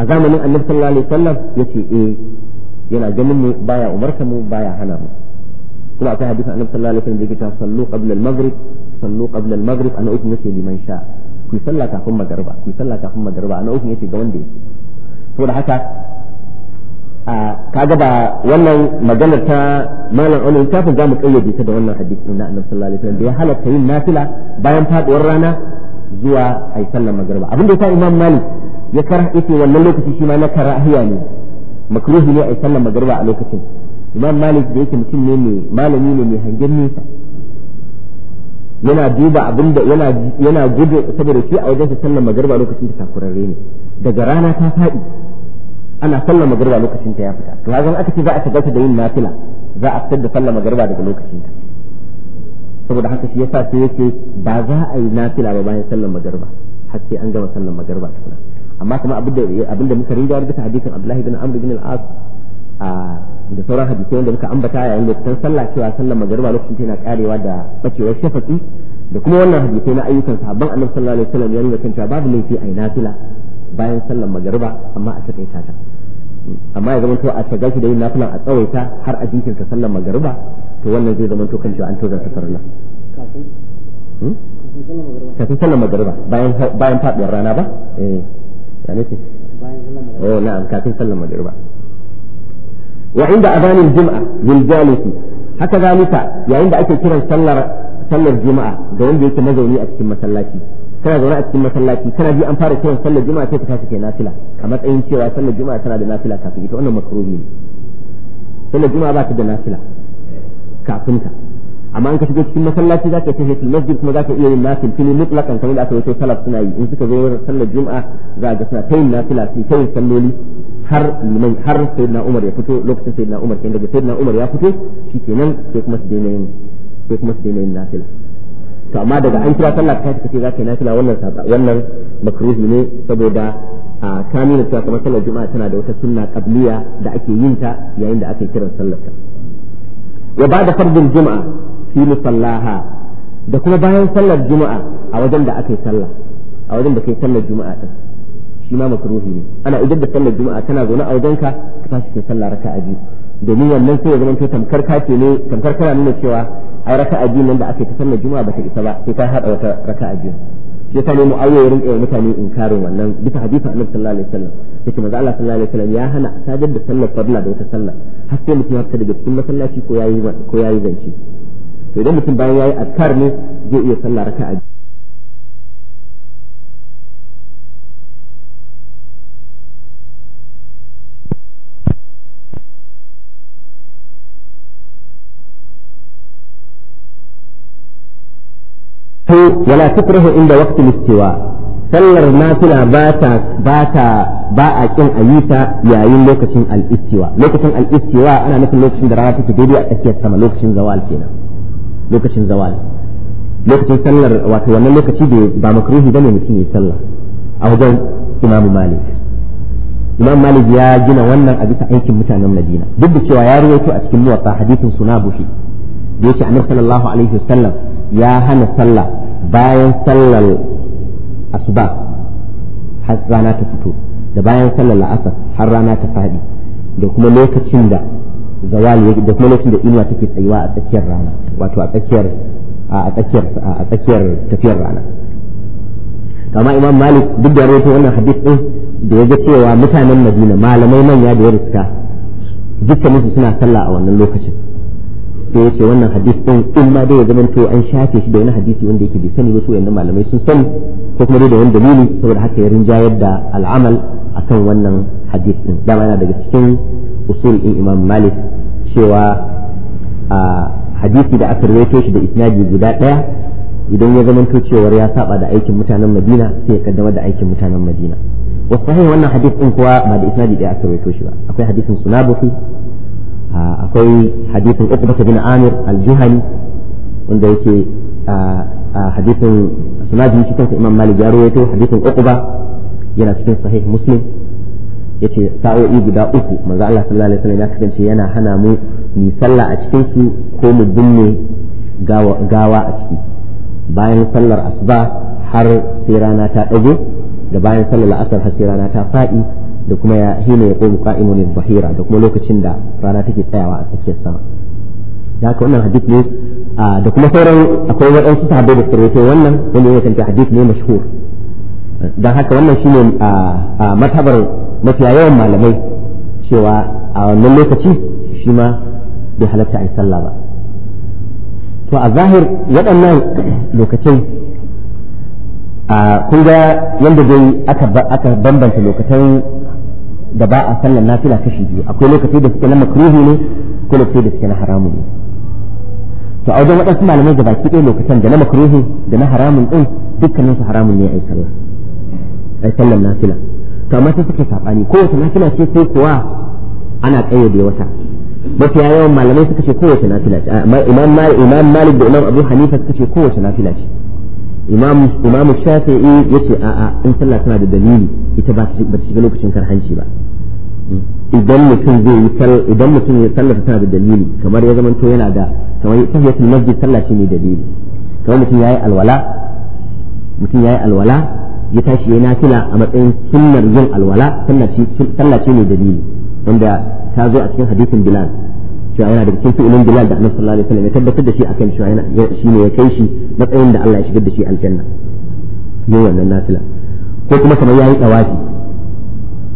a zamanin annabi sallallahu alaihi wasallam yace eh yana ganin mu baya umarta mu baya hana mu kuma akwai hadisin annabi sallallahu alaihi wasallam da yake cewa sallu qabla al-maghrib sallu qabla al-maghrib ana uku yace liman sha ku sallah kafin magariba ku sallah kafin magariba ana uku yace ga wanda yake to da haka a kaga ba wannan maganar ta malam ulul tafi zamu kayyade ta da wannan hadisin na annabi sallallahu alaihi wasallam da ya halatta yin nafila bayan faduwar rana zuwa ai sallar magariba abin da ya sa imam malik ya kara yace wannan lokaci shi ma na karahiya ne makruhi ne a sallar magriba a lokacin imam malik da yake mutum ne mai malami ne mai hangen nesa yana duba abinda yana yana gudu saboda shi a wajen sa sallar magriba lokacin ta takurarre ne daga rana ta faɗi ana sallar magriba lokacin ta ya fita to hakan aka ce za a shiga da yin nafila za a fitar da sallar magarba daga lokacin ta saboda haka shi yasa sai yake ba za a yi nafila ba bayan sallar magriba har sai an gama sallar magriba tukuna amma kuma abin da muka rinjayar bisa hadisin abdullahi bin amr bin al-as da sauran hadisai wanda muka ambata yayin lokacin sallah cewa sallar magariba lokacin tana karewa da bacewar shafaqi da kuma wannan hadisai na ayyukan sahabban annabi sallallahu alaihi wasallam ya nuna kan cewa babu laifi a nafila bayan sallar magariba amma a takaita ta amma ya zamanto a shagal shi da yin nafilan a tsawaita har a jinkirta sallar magariba to wannan zai zama zamanto kan cewa an tozarta farilla kafin hmm? sallar magariba bayan faduwar rana ba eh alaikum oh na'am kafin sallar magriba wa inda adhanil jum'a lil jalisi haka zalika yayin da ake kiran sallar sallar juma'a da wanda yake mazauni a cikin masallaci kana zaune a cikin masallaci kana bi an fara kiran sallar juma'a sai ka tashi kai nafila a matsayin cewa sallar juma'a tana da nafila kafin ita wannan makruhi ne sallar juma'a bata da nafila kafin ta amma in ka shigo cikin masallaci za ka tafi fil masjid kuma za ka iya yin nafil fili mutlaqan kamar da aka yi salat suna yi in suka zo wurin sallar juma'a za ga suna tayin nafila su tayin salloli har liman har sayyidina Umar ya fito lokacin sayyidina Umar kin daga sayyidina Umar ya fito shikenan sai kuma su daina yin sai kuma su daina yin nafila to amma daga an kira sallah ta kace za ka yi nafila wannan saba wannan makruhi ne saboda a kamina cewa kamar sallar juma'a tana da wata sunna qabliya da ake yin ta yayin da ake kiran sallar ta wa da fardul juma'a fi musallaha da kuma bayan sallar juma'a a wajen da aka yi sallah a wajen da kai sallar juma'a din shi ma makruhi ne ana idan da sallar juma'a tana zaune a wajenka ka tashi kai sallah raka'a biyu domin wannan sai ya zama to tamkar kace ne tamkar kana nuna cewa ai raka'a biyu nan da aka yi sallar juma'a ba ta isa ba sai ta hada wata raka'a biyu ya sa ne mu auye rinka yawan mutane inkarin wannan bisa hadisi annabi sallallahu alaihi wasallam yace manzo Allah sallallahu alaihi wasallam ya hana sadar da sallar fadla da wata sallar har sai mutum ya fita daga cikin masallaci ko ya yi yayi zance to idan mutum bayan yayi azkar ne zai iya sallah raka'a ولا تكره عند وقت الاستواء sallar nafila ba ta ba ta ba a kin ayyuta yayin lokacin al-istiwa lokacin al-istiwa ana nufin lokacin da rana take daidai a tsakiyar sama zawal kenan lokacin zawal lokacin sallar wato wannan lokaci ba makruhi bane mutum ya sallah a wajen Imam Malik Imam Malik ya gina wannan a bisa aikin mutanen Madina duk da cewa ya rawaito a cikin muwatta suna sunabuhi da yake Annabi sallallahu alaihi wasallam ya hana sallah bayan sallar asuba har rana ta fito da bayan sallar la'asar har rana ta fadi da kuma lokacin da zawali da kuma lokacin da inuwa take tsayuwa a tsakiyar rana wato a tsakiyar a tsakiyar a tsakiyar tafiyar rana kama imam malik duk da rawaito wannan hadith din da ya ga cewa mutanen madina malamai manya da ya riska dukkaninsu suna sallah a wannan lokacin sai yace wannan hadis din in ma dai ya zama to an shafe shi da wani hadisi wanda yake bai sani ba su yanda malamai sun sani ko kuma dai da wani dalili saboda haka ya rinjayar da al'amal akan wannan hadisi din dama yana daga cikin usul in Imam Malik cewa a hadisi da aka rawaito shi da isnadi guda daya idan ya zama to cewar ya saba da aikin mutanen Madina sai ya kaddamar da aikin mutanen Madina wasu wannan hadis din kuwa ba da isnadi daya aka rawaito shi ba akwai hadisin sunabuki Ah, akwai hadithin Uqbah bin Amir al-Juhani wanda yake ah, ah, hadithin sunaji shi kanka Imam Malik ya rawaito hadithin ba yana cikin sahih Muslim yace sa'o'i guda uku manzo Allah sallallahu alaihi wasallam ya kasance yana hana mu mu sallah a cikin su ko mu binne gawa gawa a ciki bayan sallar asuba har sai rana ta dage da bayan sallar asar har sai rana ta fadi da kuma ya hina ya qumu qa'imun adh-dhahira da kuma lokacin da rana take tsayawa a tsakiyar sama da haka wannan hadith ne da kuma sauran akwai waɗansu sahabbai da suka wannan wani ya kanta hadith ne mashhur da haka wannan shine a matabar mafiya yawan malamai cewa a wannan lokaci shi ma bai halatta a yi sallah ba to a zahir waɗannan lokacin kun ga yadda dai aka bambanta lokacin da ba a sallar nafila kashi biyu akwai lokaci da suke na makruhi ne ko lokaci da suke na haramu ne to a wajen waɗansu malamai da baki ɗaya lokacin da na makruhi da na haramun ɗin dukkanin su haramun ne a yi sallar a yi sallar nafila to amma sai suke saɓani kowace nafila ce sai kuwa ana ƙayyade wata mafiya yawan malamai suka ce kowace nafila ce imam malik da imam abu hanifa suka ce kowace nafila ce imam imam ya ce a'a in sallah tana da dalili ita ba ta shiga lokacin karhanci ba idan mutum zai yi idan mutum ya sallar tana da dalili kamar ya zamanto yana da kamar tahiyatul masjid sallah ce mai dalili kamar mutum ya yi alwala mutum ya yi alwala ya tashi yayi nafila a matsayin sunnar yin alwala sallah ce sallah dalili wanda ta zo a cikin hadisin bilal cewa yana daga cikin fi'ilin bilal da annabi sallallahu alaihi wasallam ya tabbatar da shi akan cewa yana shi ne ya kai shi matsayin da Allah ya shigar da shi aljanna ne wannan nafila ko kuma kamar yayi dawafi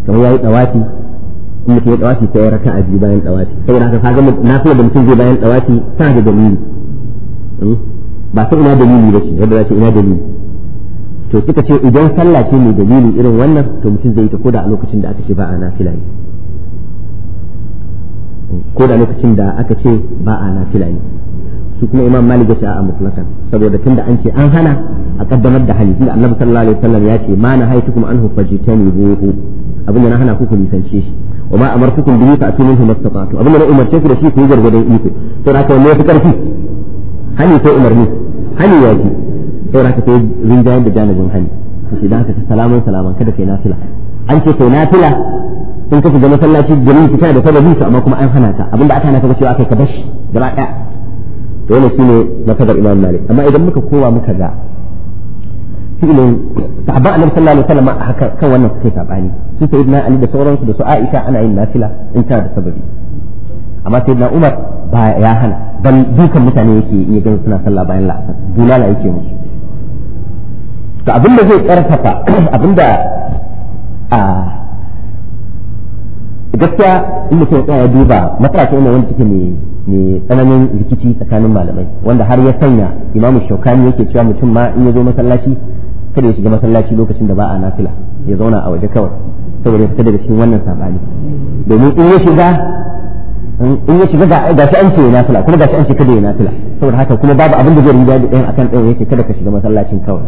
kamar yayi dawafi in mutum ya dawafi sai ya raka a biyu bayan dawafi saboda haka kaga nafila da mutum zai bayan dawafi hmm? ta ga dalili ba sai ina dalili ba shi wanda zai ina dalili to suka ce idan sallah ce mai dalili irin wannan to mutum zai yi ta koda a lokacin da aka ce ba a nafila ne ko da lokacin da aka ce ba a na filani su kuma imam malik ya ce a mutlakan saboda tunda an ce an hana a kaddamar da hali tunda annabi sallallahu alaihi wasallam ya ce ma na haitukum anhu buhu abin da na hana ku ku nisance shi wa ma amartukum bihi fa atimu minhu mastata'tu abin da na umarce ku da shi ku yi gargadin iko to da kai ne fi karfi hali ko umarni hali ya ji to da kai rinjayen da janibin hali to idan haka salaman salaman kada kai nafila an ce kai nafila in ka shiga masallaci domin fita da sababi su amma kuma an hana ta abinda aka hana ka cewa kai ka bashi gaba ɗaya to wannan shine masabar Imam Malik amma idan muka kowa muka ga fi'ilin sahabban Annabi sallallahu alaihi wasallam haka kan wannan suke sabani su sayyidina Ali da sauransu da su Aisha ana yin nafila in tana da sababi amma sayyidina Umar ba ya hana dan dukan mutane yake yi ganin suna sallah bayan la'asar bulala yake musu to abinda zai karfafa abinda a ah, gaskiya in mutum ya tsaya duba matsala ta wanda take mai mai tsananin rikici tsakanin malamai wanda har ya sanya imamu shaukani yake cewa mutum ma in ya zo masallaci kada ya shiga masallaci lokacin da ba a nafila ya zauna a waje kawai saboda ya fita daga cikin wannan sabani domin in ya shiga in ya shiga ga shi an ce fila kuma ga shi an ce kada ya nafila saboda haka kuma babu abin da zai riga da ɗayan akan ɗayan yace kada ka shiga masallacin kawai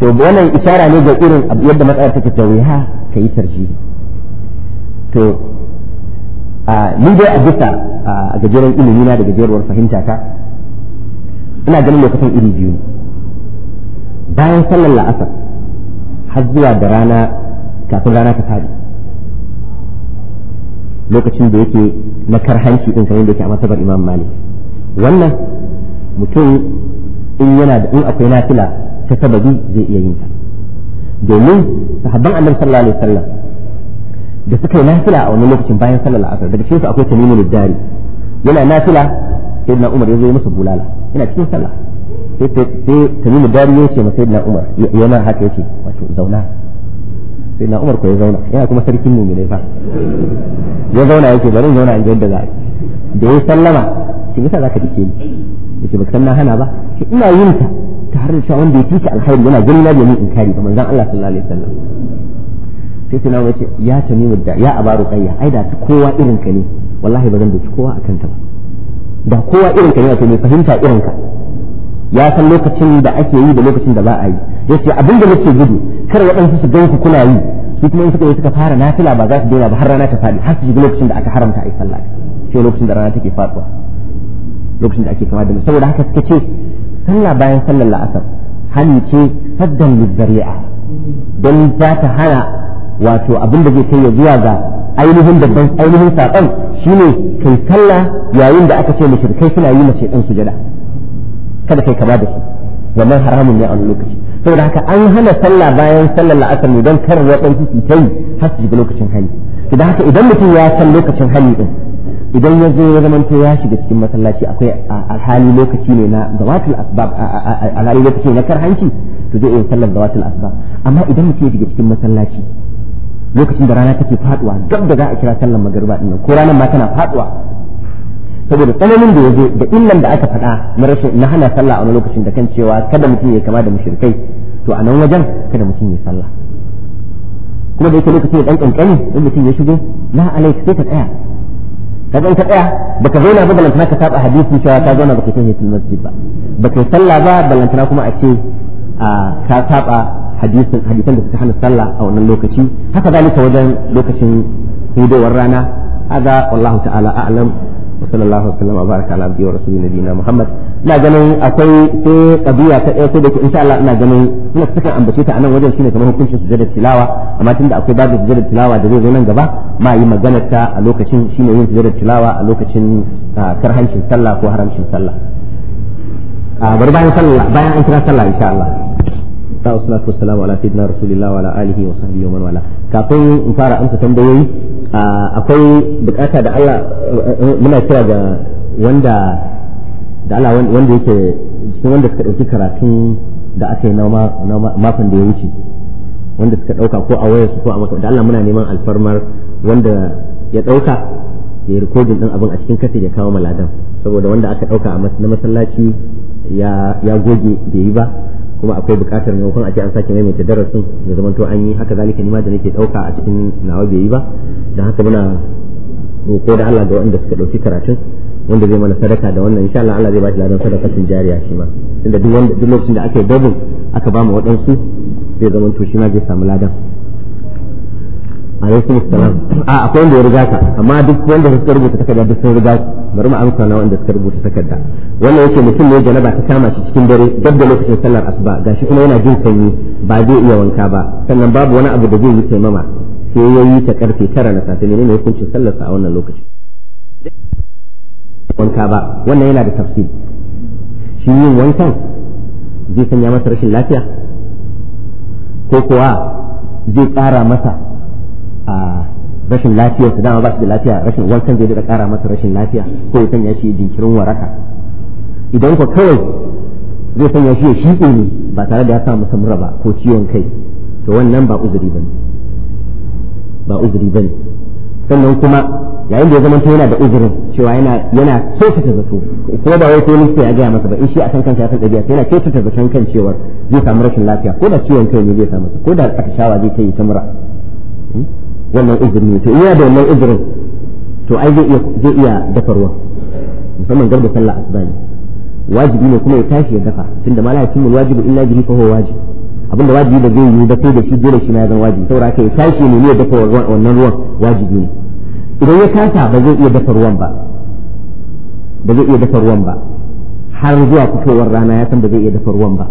to wannan isara ne ga irin yadda matsalar take ta wuya ka yi tarjihi to ni dai a bisa a gajeren ilimi na da gajeruwar fahimta ta ina ganin lokacin iri biyu bayan sallar la'asar har zuwa da rana kafin rana ta fadi lokacin da yake na karhanci din kamar da yake a masabar imam malik wannan mutum in yana da in akwai nafila ta sababi zai iya yin ta domin sahabban annabi sallallahu alaihi wasallam da suka yi nafila a wani lokacin bayan sallar asar daga cikin su akwai tamimul dari yana nafila sai na umar ya zo masa bulala yana cikin sallah sai sai tamimul dari ya ce ma sai na umar yana haka yace wato zauna sai na umar ko ya zauna yana kuma sarkin mu ne fa ya zauna yake bari in zauna in ga yadda za da ya sallama shi yasa zaka dike ni yace baka san na hana ba ina yin ta tare da cewa wanda ya tika alkhairi yana ganin na da ni inkari ba manzon Allah sallallahu alaihi wasallam sai tuna wace ya tamimu da ya abaru qayya ai da kowa irin ka ne wallahi ba zan doki kowa akan ta ba da kowa irin ka ne wato mai fahimta irin ka ya san lokacin da ake yi da lokacin da ba a yi ce abin da nake gudu kar waɗansu su ganku kuna yi su kuma in suka yi suka fara nafila ba za su daina ba har rana ta faɗi har su shiga lokacin da aka haramta a yi sallah sai lokacin da rana take faɗuwa lokacin da ake kama da saboda haka suka ce sallah bayan sallar la'asar hani ce saddan lizzari'a don za ta hana wato abin da zai kai ya zuwa ga ainihin babban ainihin saƙon shine kai sallah yayin da aka ce mushrikai suna yi mace dan sujada kada kai kama da shi wannan haramun ne a wani lokaci saboda haka an hana sallah bayan sallar la'asar ne don kar waɗansu su ta yi har su shiga lokacin hali idan haka idan mutum ya san lokacin hali din idan ya zo ya zamanto ya shiga cikin masallaci akwai alhali lokaci ne na zawatul asbab alhali lokaci ne na karhanci to zai iya sallar zawatul asbab amma idan mutum ya shiga cikin masallaci lokacin da rana take faduwa gab da za a kira sallar magariba din ko ranar ma tana faduwa saboda tsananin da yaje da illan da aka faɗa na rashin na hana sallah a wani lokacin da kan cewa kada mutum ya kama da mushrikai to a nan wajen kada mutum ya sallah kuma da yake lokacin da dan kankani in mutum ya shigo la alai sai ka tsaya ka dan ka tsaya baka zauna ba balantana ka saba hadisi cewa ka zauna baka tafi masjid ba baka sallah ba balantana kuma a ce ah, ka saba hadisin hadisan da suka hana sallah a wannan lokaci haka zalika wajen lokacin hudowar rana hada wallahu ta'ala a'lam wa sallallahu alaihi wa baraka ala abdihi wa rasuli nabiyina muhammad ina ganin akwai sai kabiya ta ɗaya ko da insha Allah ina ganin suna suka ambace ta anan wajen shine kamar hukuncin sujudar tilawa amma tunda akwai babu sujudar tilawa da zai zo nan gaba ma yi magana ta a lokacin shine yin sujudar tilawa a lokacin karhancin sallah ko haramcin sallah bari bayan sallah bayan an kira sallah insha Allah ta wassalamu ala sayyidina rasulillah wa ala alihi wa sahbihi wa man wala kafin in fara amsa tambayoyi akwai bukata da Allah eh, eh, muna kira ga wanda da Allah wanda yake shi wanda suka dauki karatun da aka yi na makon da ya wuce wanda suka dauka ko a su ko a maka da Allah muna neman alfarmar wanda ya dauka ya rikodin din abin a cikin kasa ya kawo maladan saboda wanda aka dauka a na masallaci ya goge bai yi ba kuma akwai buƙatar maimakon a ce an sake maimaita darasin ya zaman to an yi haka zalika nima da nake ɗauka a cikin nawa bai yi ba don haka muna roƙo da Allah ga waɗanda suka ɗauki karatun wanda zai mana sadaka da wannan insha Allah Allah zai ba shi ladan jariya shi ma tunda duk wanda duk lokacin da aka yi aka ba mu waɗansu zai zama to shi ma zai samu ladan alaikum salam a ah, akwai wanda ya riga ka amma duk wanda suka rubuta takarda duk sun riga bari mu amsa na wanda suka rubuta takarda wannan yake mutum ne janaba ta kama shi cikin dare dab da lokacin sallar asuba gashi kuma yana jin sanyi ba zai iya wanka ba sannan babu wani abu da zai yi taimama sai ya yi ta karfe tara na safe ne ne hukuncin sallarsa a wannan lokaci wanka ba wannan yana da tafsir shi yin wankan zai sanya masa rashin lafiya ko kuwa zai ƙara masa a rashin lafiya su dama ba su da lafiya rashin wankan zai da kara masa rashin lafiya ko ya sanya shi jinkirin waraka idan ku kawai zai sanya shi ya shiɗe ne ba tare da ya sa masa ba ko ciwon kai to wannan ba uzuri bane ba uzuri bane sannan kuma yayin da ya zama yana da uzurin cewa yana yana kyautata zato ko ba wai ko ya gaya masa ba in shi a kan kansa ya san ɗabi'a sai yana kyautata zaton kan cewar zai samu rashin lafiya ko da ciwon kai ne zai samu ko da atishawa zai kai ta mura hmm? wannan izini to iya da wannan izinin to ai zai iya zai iya dafarwa musamman garba sallah asuba ne wajibi ne kuma ya tashi ya dafa tunda ma la yakunu wajibi illa bihi fa huwa wajib abinda wajibi da zai yi da sai da shi dole shi ma ya zama wajibi saboda haka ya tashi ne ya dafa wannan ruwan wajibi ne idan ya kasa ba zai iya dafa ruwan ba ba zai iya dafa ruwan ba har zuwa fitowar rana ya san ba zai iya dafa ruwan ba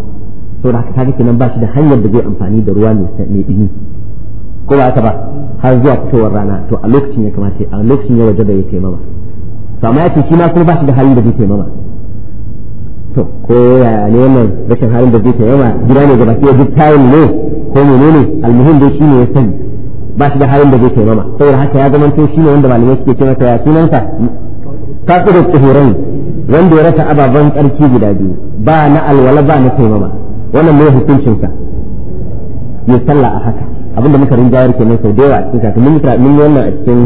saboda haka kaga nan ba shi da hanyar da zai amfani da ruwa mai dumi ko ba haka ba har zuwa fitowar rana to a lokacin ya kamata a lokacin ya waje da ya taimama to amma yace shi ma kuma ba shi da halin da zai taimama to ko ya ne wannan rashin halin da zai taimama gida ne gaba ɗaya duk tayin ne ko menene almuhim dai shine ya sani ba shi da halin da zai taimama saboda haka ya zama to shine wanda malamai suke ce masa ya sunansa fasirin tsuhuran wanda ya rasa ababen tsarki guda biyu ba na alwala ba na taimama wannan ne hukuncinsa ya sallah a haka abinda muka rinjayar kenan sau da yawa a cikin karatun mun yi wannan a cikin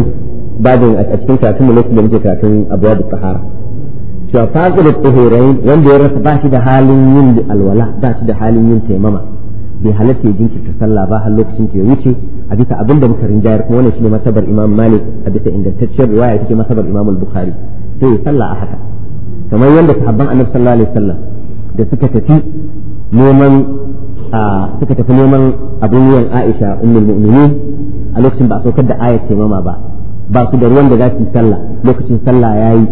babin a cikin karatun mu lokacin da muke karatun abuwa da sahara cewa fasiru tsohorai wanda ya rasa ba shi da halin yin alwala ba shi da halin yin taimama bai halatta ya jinkirta sallah ba har lokacin ta ya wuce a bisa abin da muka rinjayar kuma wannan shine masabar imam malik a bisa ingantacciyar riwaya take masabar imam al-bukhari sai ya sallah a haka kamar yadda sahabban annabi sallallahu alaihi wasallam da suka tafi neman suka tafi neman abin wuyan Aisha ummul mu'amini a lokacin ba a saukar da ayat taimama ba ba su da ruwan da za su yi sallah lokacin sallah yayi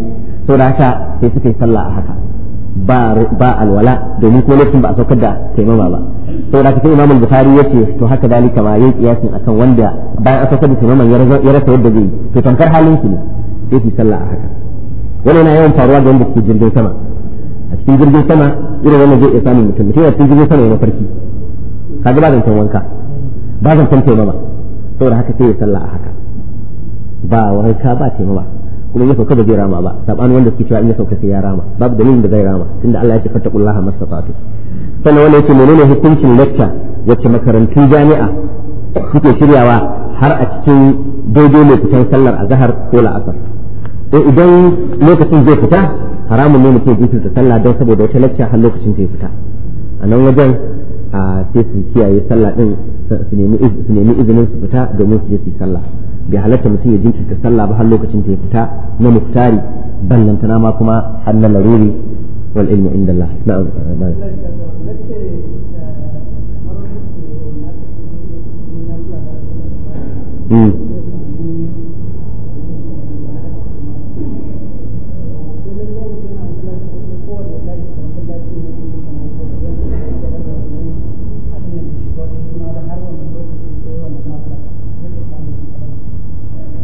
saboda haka sai suka yi sallah a haka ba alwala domin kuma lokacin ba a saukar da taimama ba saboda haka sai Imam Bukhari yace to haka dalika ma yayi kiyasin akan wanda bayan an saukar da taimama ya rasa yadda zai to tankar halin su ne sai su sallah a haka wani yana yawan faruwa da wanda suke jirgin sama a cikin jirgin sama irin wannan zai iya samun mutum mutum a cikin jirgin sama ya mafarki kaga ba zan wanka ba zancen taimama saboda haka sai ya sallah a haka ba wanka ba taimama kuma ya sauka ba zai rama ba saban wanda suke cewa in ya sauka sai ya rama babu dalilin da zai rama tunda Allah ya ce fattaqullaha mastata'tu sannan wanda yake menene hukuncin lecture wacce makarantun jami'a suke shiryawa har a cikin daidai lokacin sallar azhar ko la'asar idan lokacin zai fita haramun ne mutum ya fita sallah don saboda wata lecture har lokacin zai fita a nan wajen a sai su kiyaye sallah din su nemi izinin su fita domin su je su sallah bai halatta mutum ya jinkirta sallah ba har lokacin da ya fita na muftari ballantana ma kuma har na laruri wal ilmu inda Allah na'am Mm-hmm.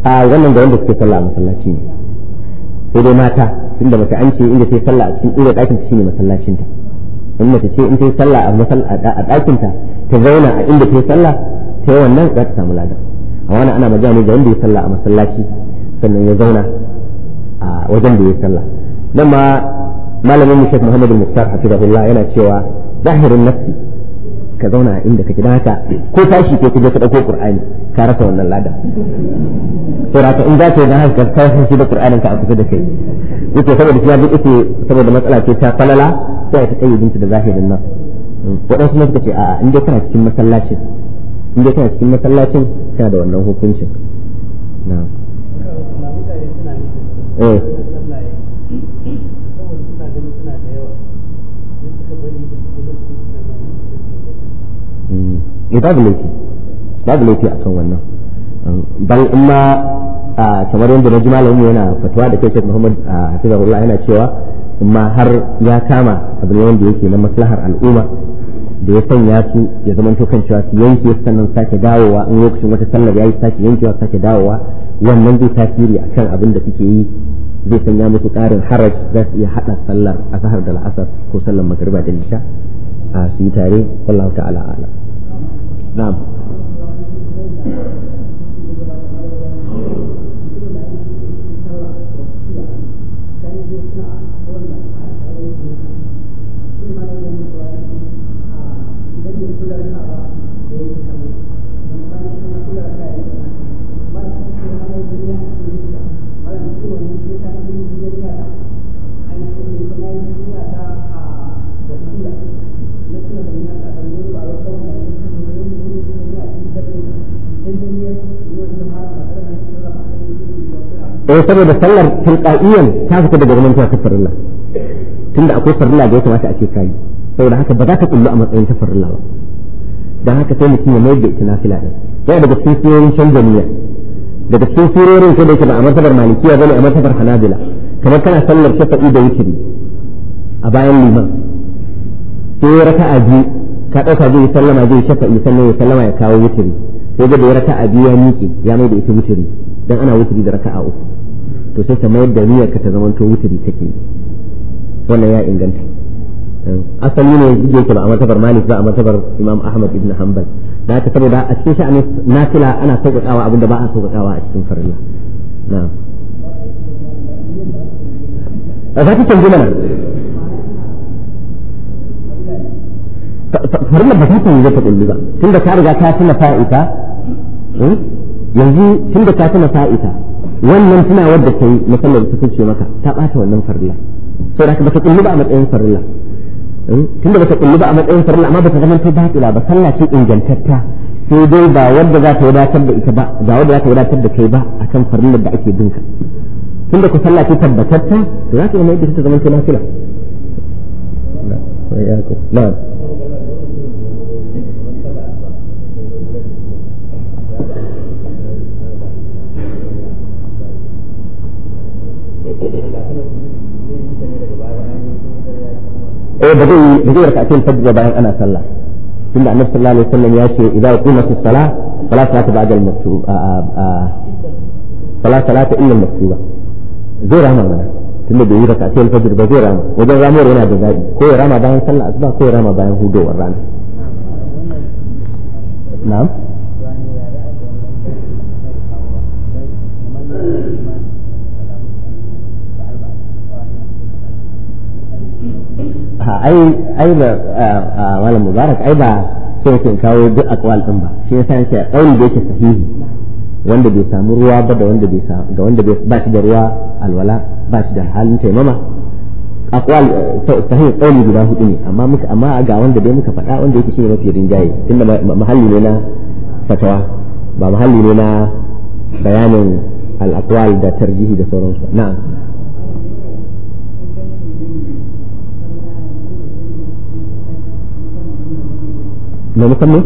a wannan da wanda suke sallah a masallaci ne sai dai mata inda mace an ce inda yi sallah a cikin inda ɗakin ta shine masallacin ta in mace ce in ta yi sallah a a ɗakin ta ta zauna a inda ta yi sallah ta wannan za ta samu lada a wannan ana magana ne ga wanda ya sallah a masallaci sannan ya zauna a wajen da ya sallah nan ma malamin mu Sheikh Muhammadu Al-Mukhtar hafizahullah yana cewa zahirin nafsi ka zauna inda kake don haka ko tashi ko kaje ka dauko qur'ani ka rasa wannan ladan saboda ka in za ka yi don haka ka shi da qur'anin ka a kusa da kai yake saboda shi ya saboda matsala ce ta falala sai ta kai binta da zahirin nan waɗansu ne suka ce a in dai kana cikin masallacin in dai kana cikin masallacin kana da wannan hukuncin na'am eh Eh, babu laifi babu laifi wannan ban in kamar yadda na ji malamin yana fatuwa da kai Sheikh Muhammad Hafizahullah yana cewa amma har ya kama abu ne wanda yake na maslahar al'umma da ya sanya su ya zama to kan cewa su yanke sannan sake dawowa in lokacin wata sallar yayi sake yankewa sake dawowa wannan zai tasiri akan abin da suke yi zai sanya musu ƙarin haraj za su iya haɗa sallar asahar da la'asar ko sallar magariba da nisha a su yi tare wallahu ta'ala a'lam na'am eh saboda sallar tilqaiyan ta fita daga zaman ta tun tunda akwai farilla da ya kamata a ce kai saboda haka ba za ka kullu a matsayin ta farilla ba dan haka sai mutum ya mai da ita nafila din yana daga sufiyoyin shan canza daga sufiyoyin surorin ko da yake ba a martabar malikiya bane a martabar hanabila kamar kana sallar shafa'i da witri a bayan liman sai ya raka aji ka ɗauka zai sallama zai shafa'i sannan ya sallama ya kawo witri sai ga da raka aji ya miƙe ya mai da ita witri dan ana wuturi da raka'a uku to sai ta mayar da niyyar ka ta zama to wuturi take wannan ya inganta asali ne yake ba a matabar malik ba a matabar imam ahmad ibn hanbal da ta saboda a cikin sha'anin nafila ana sauƙaƙawa abinda ba a sauƙaƙawa a cikin farilla na'am a za ki canji mana farilla ba ta canji ta kulli ba tunda ka riga ka tuna fa'ita hmm? yanzu tunda ka tuna fa'ita wannan tunawar da kai musamman ta kuce maka ta bata wannan farilla sai da baka kullu ba a matsayin farilla hmm? tunda baka kullu ba a matsayin farilla amma baka zama ta batila ba sallah ce ingantatta sai dai ba wanda za ta wadatar da ita ba ba wanda za ta wadatar da kai ba akan farillar da ake binka tunda ku sallah ce tabbatatta za ta yi yadda ta zama ta nafila. Na'am. eh ba zai ba zai fajr bayan ana sallah tunda annabi sallallahu alaihi wasallam ya ce idza as-salah fala salata ba'da al-maktub fala salata illa al-maktuba zai rama mana tunda bai fajr ba zai rama wajen ramuwar yana da zabi ko ya rama bayan sallah asuba ko ya rama bayan hudowar rana na'am a'a ai ai ba malam mubarak ai ba sai kin kawo duk aqwal din ba shi yasa shi kauli da yake sahihi wanda bai samu ruwa ba da wanda bai samu ga wanda ba shi da ruwa alwala ba shi da halin taimama aqwal eh, sahihi kauli guda hudu ne amma muka amma ga wanda dai muka faɗa wanda yake shi ne mafi rinjaye tunda mahalli ne na fatawa ba mahalli ne na bayanin al-aqwal da tarjihi da sauransu na'am na musamman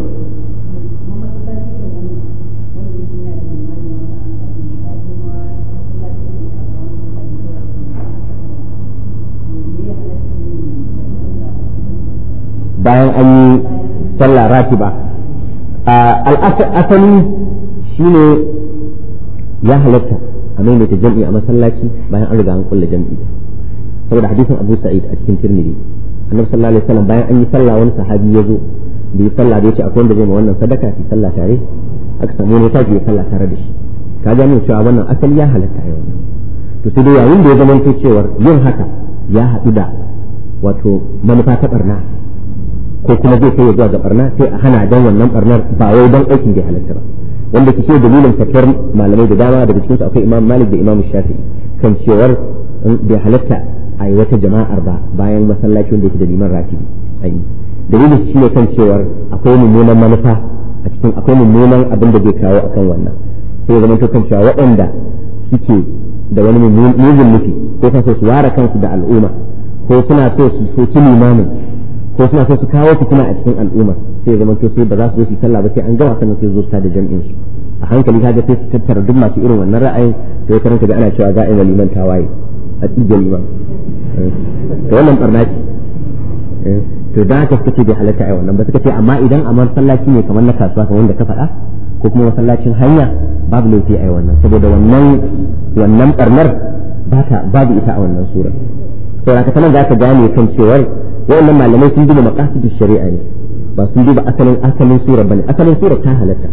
bayan an yi sallah ba al'asali ne ya halatta a maimaita jam'i a masallaci bayan an riga an kulle jam'i saboda hadisin abu sa'id a cikin tirmidhi annabi sallallahu alaihi wasallam bayan an yi sallah wani sahabi ya zo bi sallah da yace akwai wanda zai ma wannan sadaka fi sallah tare aka samu ne taji ya sallah tare da shi ka ga mun cewa wannan asali ya halatta a wannan to sai dai yayin da ya zama ta cewar yin haka ya haɗu da wato manufa ta barna ko kuma zai kai zuwa ga barna sai a hana dan wannan barnar ba wai dan aikin bai halatta ba wanda ke ce dalilin tafiyar malamai da dama daga cikinsu akwai imam malik da imam shafi'i kan cewar bai halatta a yi wata jama'ar ba bayan masallacin da yake da liman ratibi dalilin shi ne kan cewar akwai mummunan manufa a cikin akwai mummunan abin da zai kawo a kan wannan sai zama to kan cewa waɗanda suke da wani mummunan nufi ko kan su ware kansu da al'umma ko suna so su soki limamin ko suna so su kawo fitina a cikin al'umma sai zama to sai ba za su zo su sallah ba sai an gama sannan sai zo su da jami'in su a hankali kaga sai su tattara duk masu irin wannan ra'ayin sai karanta da ana cewa za a yi liman tawaye a tsibiyar liman eh, to wannan barnaki to da haka suka ce bai halatta a wannan ba suka ce amma idan a masallaci ne kamar na kasuwa kamar wanda ka faɗa ko kuma masallacin hanya babu laifi a wannan saboda wannan wannan barnar ba ta babu ita a wannan sura saboda haka sanan za ka gane kan cewa waɗannan malamai sun duba maqasidu shari'a ne ba sun duba asalin asalin sura bane asalin sura ta halatta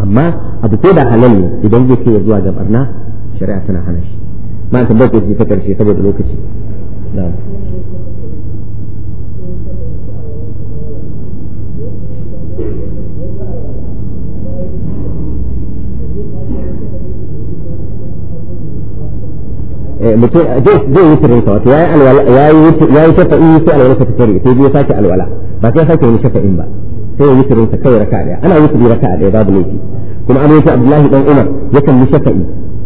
amma abu ko da halal ne idan zai kai zuwa ga barna shari'a tana hana shi ma an shi ta karshe saboda lokaci na'am Eh, mutum eh, zai yi tirinsa wato ya yi shafa'i sai alwala ta fitari sai ya sake alwala ba sai ya sake wani shafa'in ba sai ya yi tirinsa kawai raka ɗaya ana yi tiri raka daya babu laifi kuma an yake abdullahi dan umar yakan yi shafa'i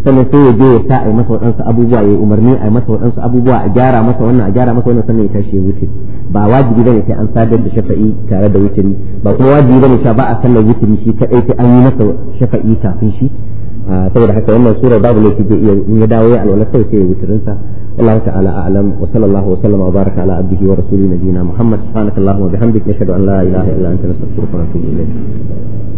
sannan sai ya je ya sa a masa waɗansu abubuwa ya yi umarni a masa waɗansu abubuwa a gyara masa wannan a gyara masa wannan sannan ya tashi ya wuce ba wajibi bane sai an sadar da shafa'i tare da wuturi ba kuma wajibi bane sha ba a sallar wuturi shi kadai sai an yi masa shafa'i kafin shi آه، تقول حتى أن سورة بعض يداوي على ولا تقول شيء وترنسى الله تعالى أعلم وصلى الله وسلم وبارك على عبده ورسوله نبينا محمد سبحانك الله وبحمدك نشهد أن لا إله إلا أنت نستغفرك ونتوب إليك